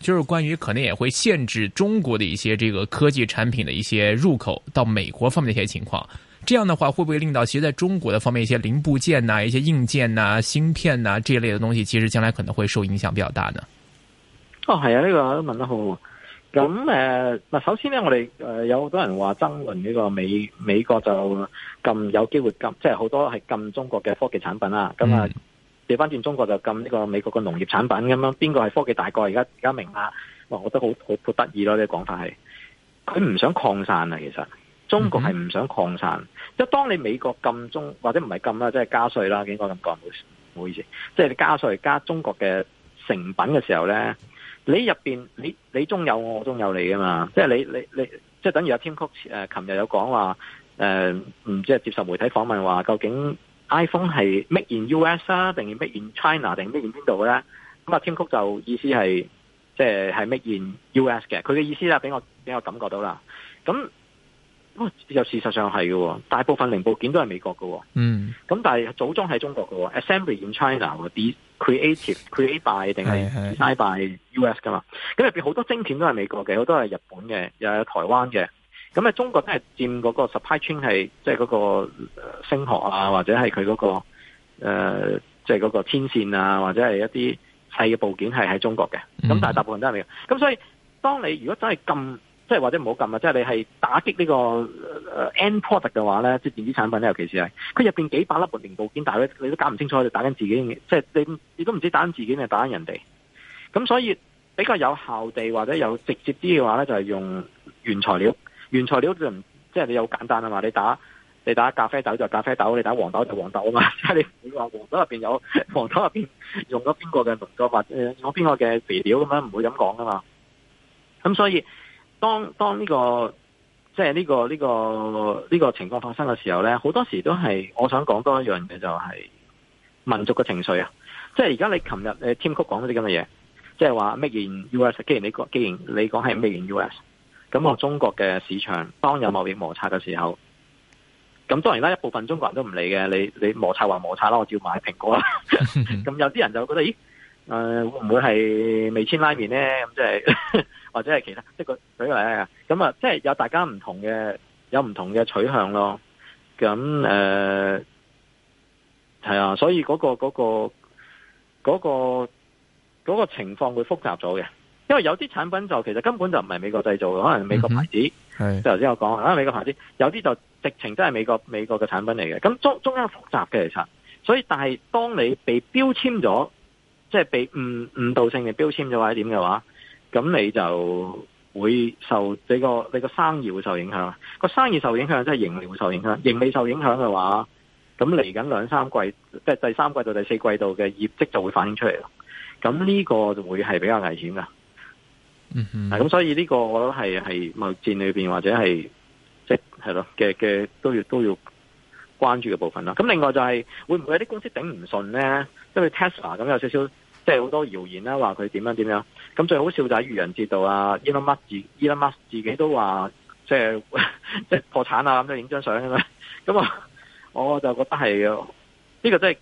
[SPEAKER 1] 就是關於可能也會限制中國的一些這個科技產品的一些入口到美國方面的一些情況，這樣的話會不會令到其實在中國的方面一些零部件呐、啊、一些硬件呐、啊、芯片呐、啊、這類的東西，其實將來可能會受影響比較大呢？
[SPEAKER 2] 哦係啊，呢、這個我問得好。咁誒，嗱、呃，首先呢，我哋誒、呃、有好多人話爭論呢個美美國就禁有機會禁，即係好多係禁中國嘅科技產品啦。咁啊。嗯調翻轉中國就禁呢個美國嘅農業產品咁樣，邊個係科技大國？而家而家明啦，我覺得好好好得意咯，呢、這個講法係佢唔想擴散啊。其實中國係唔想擴散，即係當你美國禁中或者唔係禁啦，即係加稅啦，應該咁講？唔好意思，即係你加稅加中國嘅成品嘅時候咧，你入邊你你中有我，我中有你噶嘛？即係你你你，即係等於阿、呃、Tim Cook 誒，琴日有講話誒，唔知係接受媒體訪問話，究竟？iPhone 係 make in U S 啊，定係 make in China 定係 make in 邊度嘅咧？咁啊，天谷就意思係即係、就、係、是、make in U S 嘅。佢嘅意思咧，俾我俾我感覺到啦。咁哇，又、哦、事實上係嘅，大部分零部件都係美國嘅。嗯。咁但係組裝喺中國喎。 (music) assembly in China 喎 created c r e a t e by 定係 design by U S 噶嘛、嗯？咁入面好多晶片都係美國嘅，好多係日本嘅，又有台灣嘅。咁啊，中國都係佔嗰個 supply chain 係，即係嗰個星河啊，或者係佢嗰個誒，即係嗰個天線啊，或者係一啲細嘅部件係喺中國嘅。咁但係大部分都係嚟嘅。咁所以，當你如果真係撳，即係或者唔好撳啊，即係你係打擊呢個誒 end product 嘅話咧，即係電子產品咧，尤其是係佢入邊幾百粒唔零部件大，但係咧你都搞唔清楚，你打緊自己，即係你你都唔知打緊自己定打緊人哋。咁所以比較有效地或者有直接啲嘅話咧，就係用原材料。原材料就唔即係你好簡單啊嘛，你打你打咖啡豆就咖啡豆，你打黃豆就黃豆啊嘛，即 (laughs) 係你唔會話黃豆入邊有黃豆入邊用咗邊個嘅農作法誒，用咗邊個嘅肥料咁樣，唔會咁講啊嘛。咁所以當當呢個即係呢個呢個呢個情況發生嘅時候咧，好多時都係我想講多一樣嘢，就係民族嘅情緒啊！即係而家你琴日你 Tim Cook 講咗啲咁嘅嘢，即係話 Made in US，既然你講，既然你講係 Made in US。咁我中國嘅市場，哦，當有貿易摩擦嘅時候，咁當然啦，一部分中國人都唔理嘅，你你摩擦還摩擦啦，我照買蘋果啦，啊。咁 (laughs) 有啲人就覺得，咦，誒，呃，會唔會係未簽拉麵咧？咁即係或者係其他，即係個舉例啊。咁啊，即係有大家唔同嘅，有唔同嘅取向咯。咁誒，係、呃、啊，所以嗰、那個嗰、那個嗰、那個、那個那個情況會複雜咗嘅。因為有啲產品就其實根本就唔係美國製造嘅，可能美國牌子。係、mm，即頭先我講可能美國牌子，有啲就直情都係美國美國嘅產品嚟嘅。咁中中間複雜嘅其實，所以但係當你被標籤咗，即、就、係、是、被誤誤，誤導性嘅標籤咗或者點嘅話，咁你就會受你個你個生意會受影響。個生意受影響，即係盈利會受影響。盈利受影響嘅話，咁嚟緊兩三季，即係第三季到第四季度嘅業績就會反映出嚟咯。咁呢個就會係比較危險噶。嗯，啊，咁所以呢個我覺得係係貿易戰裏邊或者係即係咯，嘅嘅，都要都要關注嘅部分啦。咁另外就係、是、會唔會有啲公司頂唔順咧？因為 Tesla 咁有少少即係好多謠言啦，話佢點樣點樣。咁最好笑就係愚人節度啊，Elon Musk，Elon Musk 自己都話即係即係破產啊，咁就影張相咁樣。咁啊，我就覺得係呢、這個真係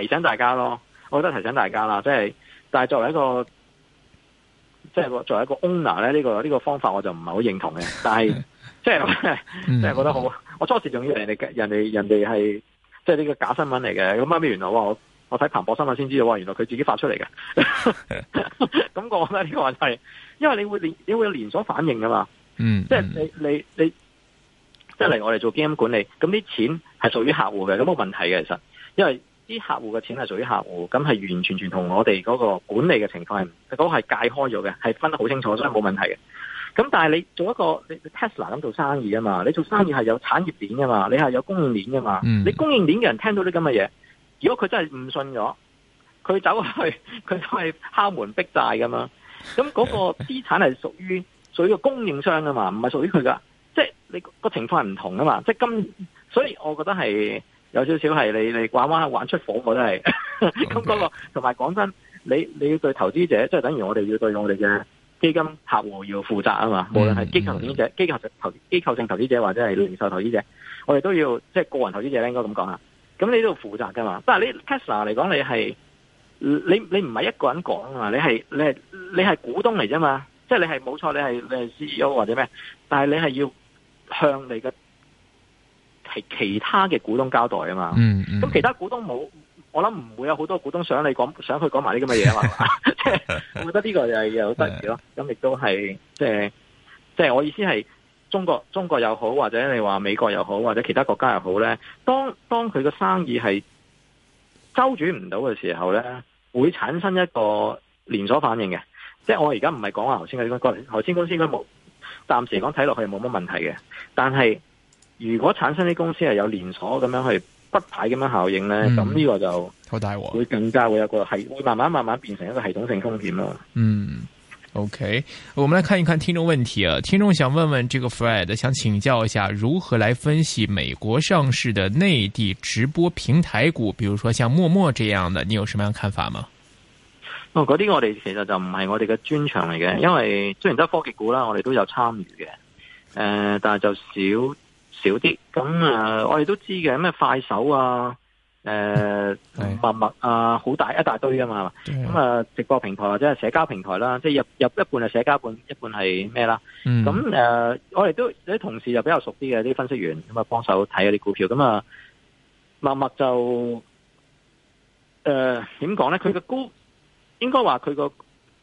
[SPEAKER 2] 提醒大家咯。我覺得提醒大家啦，即、就、係、是、但係作為一個。即係作為一個 owner 咧，呢個呢個方法我就唔係好認同嘅。但係即係即係覺得好，我初時仲以為人哋人哋人哋係即係呢個假新聞嚟嘅。咁後尾原來我我睇彭博新聞先知道，原來佢自己發出嚟嘅。咁講呢個話題，因為你會你你會連鎖反應㗎嘛？嗯， (laughs) 即係你你你即係嚟我哋做基金管理，咁啲錢係屬於客戶嘅，咁冇問題嘅其實因為。啲客戶嘅錢係屬於客戶，咁係完全全同我哋嗰個管理嘅情況係，嗰個係界開咗嘅，係分得好清楚，所以冇問題嘅。咁但係你做一個 Tesla 咁做生意啊嘛，你做生意係有產業鏈噶嘛，你係有供應鏈噶嘛，你供應鏈嘅人聽到啲咁嘅嘢，如果佢真係唔信咗，佢走去佢都係敲門逼債噶嘛。咁嗰個資產係屬於屬於個供應商噶嘛，唔係屬於佢噶，即係你個情況係唔同噶嘛，即係今，所以我覺得係。有少少係你你玩玩玩玩出火我都係咁嗰個，同埋講真，你你要對投資者，即係等於我哋要對我哋嘅基金客戶要負責啊嘛。Mm hmm. 無論係機構投資者、機構投、機構性投資者、mm hmm. 投資者或者係零售投資者，mm hmm. 我哋都要即係個人投資者咧，應該咁講啊。咁你都要負責噶嘛。但係你 Tesla 嚟講，你係你你唔係一個人講啊嘛，你係你係你係股東嚟啫嘛。即係你係冇錯，你係你係 CEO 或者咩？但係你係要向你嘅。係其他嘅股東交代啊嘛，咁、嗯嗯、其他股東冇，我諗唔會有好多股東想你講，想佢講埋呢啲咁嘅嘢啊嘛，即係 (laughs) (laughs) 我覺得呢個又係又好得意咯。咁亦的、嗯嗯、都係，即係即係我意思係，中國中國又好，或者你話美國又好，或者其他國家又好咧，當當佢個生意係周轉唔到嘅時候咧，會產生一個連鎖反應嘅。即係我而家唔係講阿頭先個，頭先公司應該冇，暫時講睇落去冇乜問題嘅，但係。如果產生啲公司係有連鎖咁樣去不排咁樣效應咧，咁呢個就好大鑊，會更加會有個係會慢慢慢慢變成一個系統性風險咯。嗯
[SPEAKER 1] ，OK，我們來看一看聽眾問題啊。聽眾想問問這個 Fred，想請教一下如何來分析美國上市的內地直播平台股，比如說像陌陌這樣的，你有什麼樣的看法
[SPEAKER 3] 嗎？
[SPEAKER 2] 哦，嗰啲我哋其實就唔係我哋嘅專長嚟嘅，因為雖然都係科技股啦，我哋都有參與嘅，誒、呃，但係就少。少啲咁啊！我哋都知嘅，咩快手啊、誒陌陌啊，好大一大堆啊嘛。咁啊的、嗯，直播平台或者係社交平台啦，即係入入一半係社交，半一半係咩啦？咁誒、嗯呃，我哋都啲同事就比較熟啲嘅啲分析員咁啊，幫手睇下啲股票咁啊。陌陌就誒，點講咧？佢嘅高應該話佢個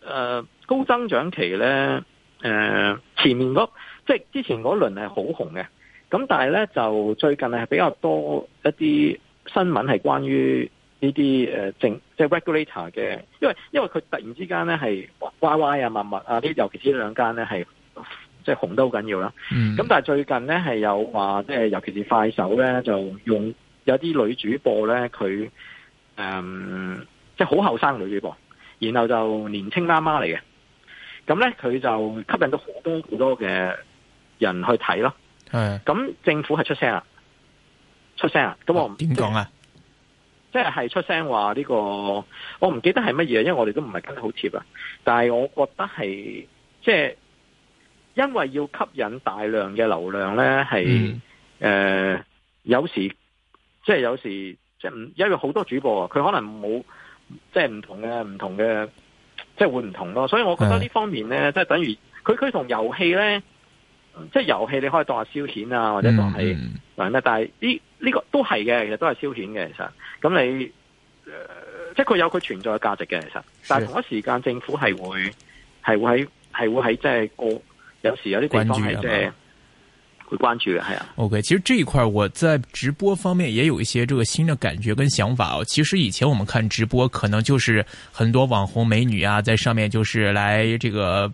[SPEAKER 2] 誒高增長期咧，誒、呃、前面嗰、那個、即係之前嗰輪係好紅嘅。咁但係咧，就最近咧係比較多一啲新聞係關於呢啲誒正即係 regulator 嘅，因為因為佢突然之間咧係 YY 啊、陌陌啊呢尤其是兩間咧係即係紅得好緊要啦。咁、嗯、但係最近咧係有話，即係尤其是快手咧就用有啲女主播咧，佢誒即係好後生女主播，然後就年青媽媽嚟嘅，咁咧佢就吸引到好多好多嘅人去睇咯。咁、嗯、政府係出聲啦，出聲啦。咁我點講啊？即係係出聲話呢、這個，我唔記得係乜嘢，因為我哋都唔係跟得好貼啊。但係我覺得係即係，因為要吸引大量嘅流量呢，係誒、嗯呃、有時即係、就是、有時即係因為好多主播啊，佢可能冇即係唔同嘅唔同嘅，即、就、係、是、會唔同咯。所以我覺得呢方面呢，即、就、係、是、等於佢佢同遊戲呢。即係遊戲，你可以當下消遣啊，或
[SPEAKER 3] 者
[SPEAKER 2] 當係咩？嗯、但係呢呢個都係嘅，其實都係消遣嘅。其實咁你，誒、呃，即係佢有佢存在嘅價值嘅。其實，但係同一時間，政府係會係會喺係會喺即係我有時有啲地方係即係會關注嘅係
[SPEAKER 1] 啊。OK，其實這一塊我在直播方面也有一些這個新嘅感覺跟想法。其實以前我們看直播，可能就是很多網紅美女啊，在上面就是來這個。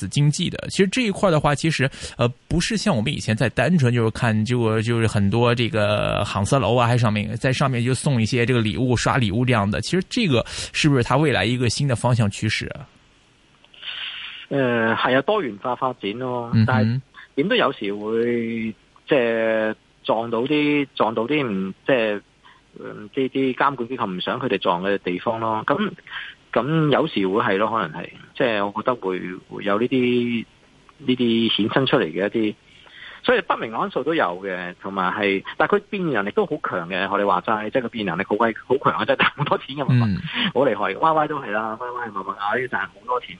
[SPEAKER 1] 經濟的，其實這一塊的話，其實，呃，不是像我們以前在單純就是看就，就就是很多這個行色樓啊，喺上面，在上面就送一些這個禮物、刷禮物這樣的。其實這個是不是它未來一個新的方向趨勢？啊
[SPEAKER 2] 誒，係啊，呃、多元化發展咯，嗯、哼但係點都有時會即係撞到啲撞到啲唔即係啲啲監管機構唔想佢哋撞嘅地方咯。咁咁有時會係咯，可能係。即係我覺得會會有呢啲呢啲衍生出嚟嘅一啲，所以不明安數都有嘅，同埋係，但係佢變現能力都好強嘅。學你話齋，即係個變現能力好威好強，啊，即係賺好多錢嘅嘛，好厲、嗯、害嘅。Y Y 都係啦，Y Y 默咪啊，呢賺好多錢嘅。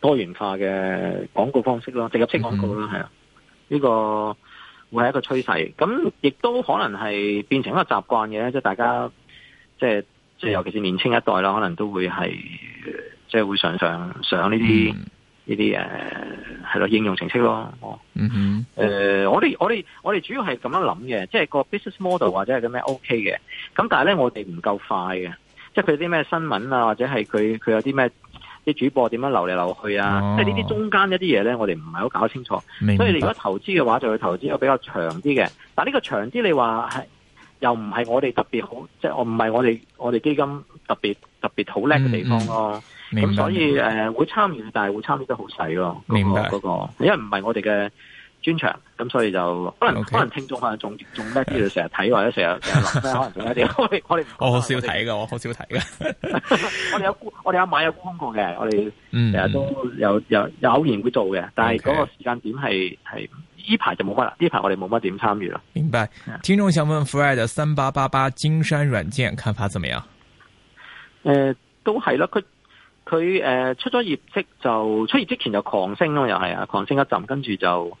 [SPEAKER 2] 多元化嘅廣告方式咯，直入式廣告啦，係啊，呢、嗯哼個會係一個趨勢，咁亦都可能係變成一個習慣嘅，即係大家即係即係尤其是年青一代啦，可能都會係即係會上上上呢啲呢啲誒係咯應用程式咯，哦、嗯哼呃，我哋我哋我哋主要係咁樣諗嘅，即係個 business model 或者係啲咩 OK 嘅，咁但係咧我哋唔夠快嘅，即係佢啲咩新聞啊，或者係佢佢有啲咩？啲主播點樣流嚟流去啊？哦、即係呢啲中間一啲嘢咧，我哋唔係好搞得清楚。明白。所以你如果投資嘅話，就去投資有比較長啲嘅。但係呢個長啲，你話係又唔係我哋特別好，即係我唔係我哋我哋基金特別特別好叻嘅地方咯、啊。咁、嗯、所以誒明白、呃，會參與，但係會參與得好細咯。那個、明白嗰、那個，因為唔係我哋嘅。專長咁，所以就可能 Okay. 可能聽眾 (laughs) 可能仲仲咩啲，就成日睇或者成日落可能仲一啲。我哋 (laughs) 我哋我好少睇嘅，我好少睇嘅。我哋有我哋有買有沽過嘅，我哋成日都有有，有偶然會做嘅，但係嗰個時間點係係呢排就冇乜啦，呢排我哋冇乜點參與啦。
[SPEAKER 1] 明白？聽眾想問 Fred 三八八八金山軟件看法怎麼樣？
[SPEAKER 2] 誒、呃，都係啦，佢佢誒出咗業績就出業績前就狂升咯，又係啊，狂升一陣，跟住就。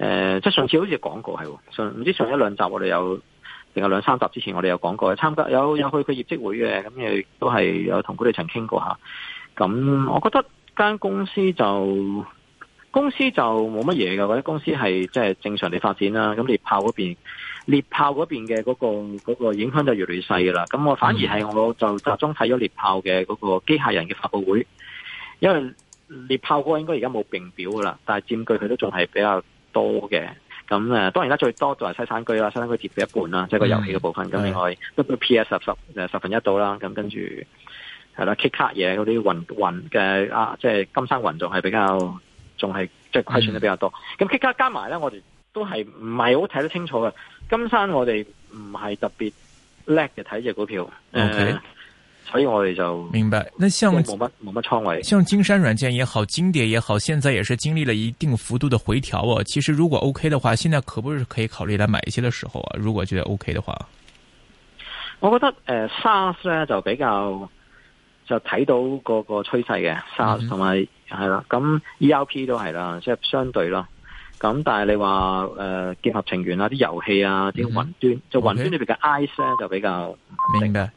[SPEAKER 2] 誒，即係、呃、上次好似講過係，上唔知上一兩集我哋有，定係兩三集之前我哋有講過，參加有有去佢業績會嘅，咁亦都係有同佢哋曾傾過下。咁我覺得間公司就公司就冇乜嘢嘅，或者公司係即係正常地發展啦。咁獵豹嗰邊，獵豹嗰邊嘅嗰個嗰個影響就越嚟越細噶啦。咁我反而係我就集中睇咗獵豹嘅嗰個機械人嘅發布會，因為獵豹嗰個應該而家冇並表噶啦，但係佔據佢都仲係比較。多嘅咁誒，當然啦，最多就係西山居啦，西山居跌咗一半啦，即係個遊戲嘅部分。咁、嗯、另外 WPS 十誒十分一度啦，咁跟住係啦，Kick 卡嘢嗰啲雲雲嘅啊，即係金山雲仲係比較仲係即係虧損得比較多。咁 Kick 卡加埋咧，我哋都係唔係好睇得清楚嘅。金山我哋唔係特別叻嘅睇隻股票。Okay. 呃所以我哋就明白。那像冇乜冇乜倉位，
[SPEAKER 1] 像金山軟件也好，金蝶也好，現在也是經歷了一定幅度的回調哦。其實如果 OK 的話，現在可不可以考慮來買一些的時候啊。如果覺得 OK 的話，
[SPEAKER 2] 我覺得誒，SAAS 咧就比較就睇到嗰個趨勢嘅 SAAS，同埋係啦，咁、嗯、ERP 都係啦，即係相對啦。咁但係你話誒，結合成員啊，啲遊戲啊，啲雲端，嗯、就雲端裏邊嘅 IaaS 咧就比較
[SPEAKER 3] 明白。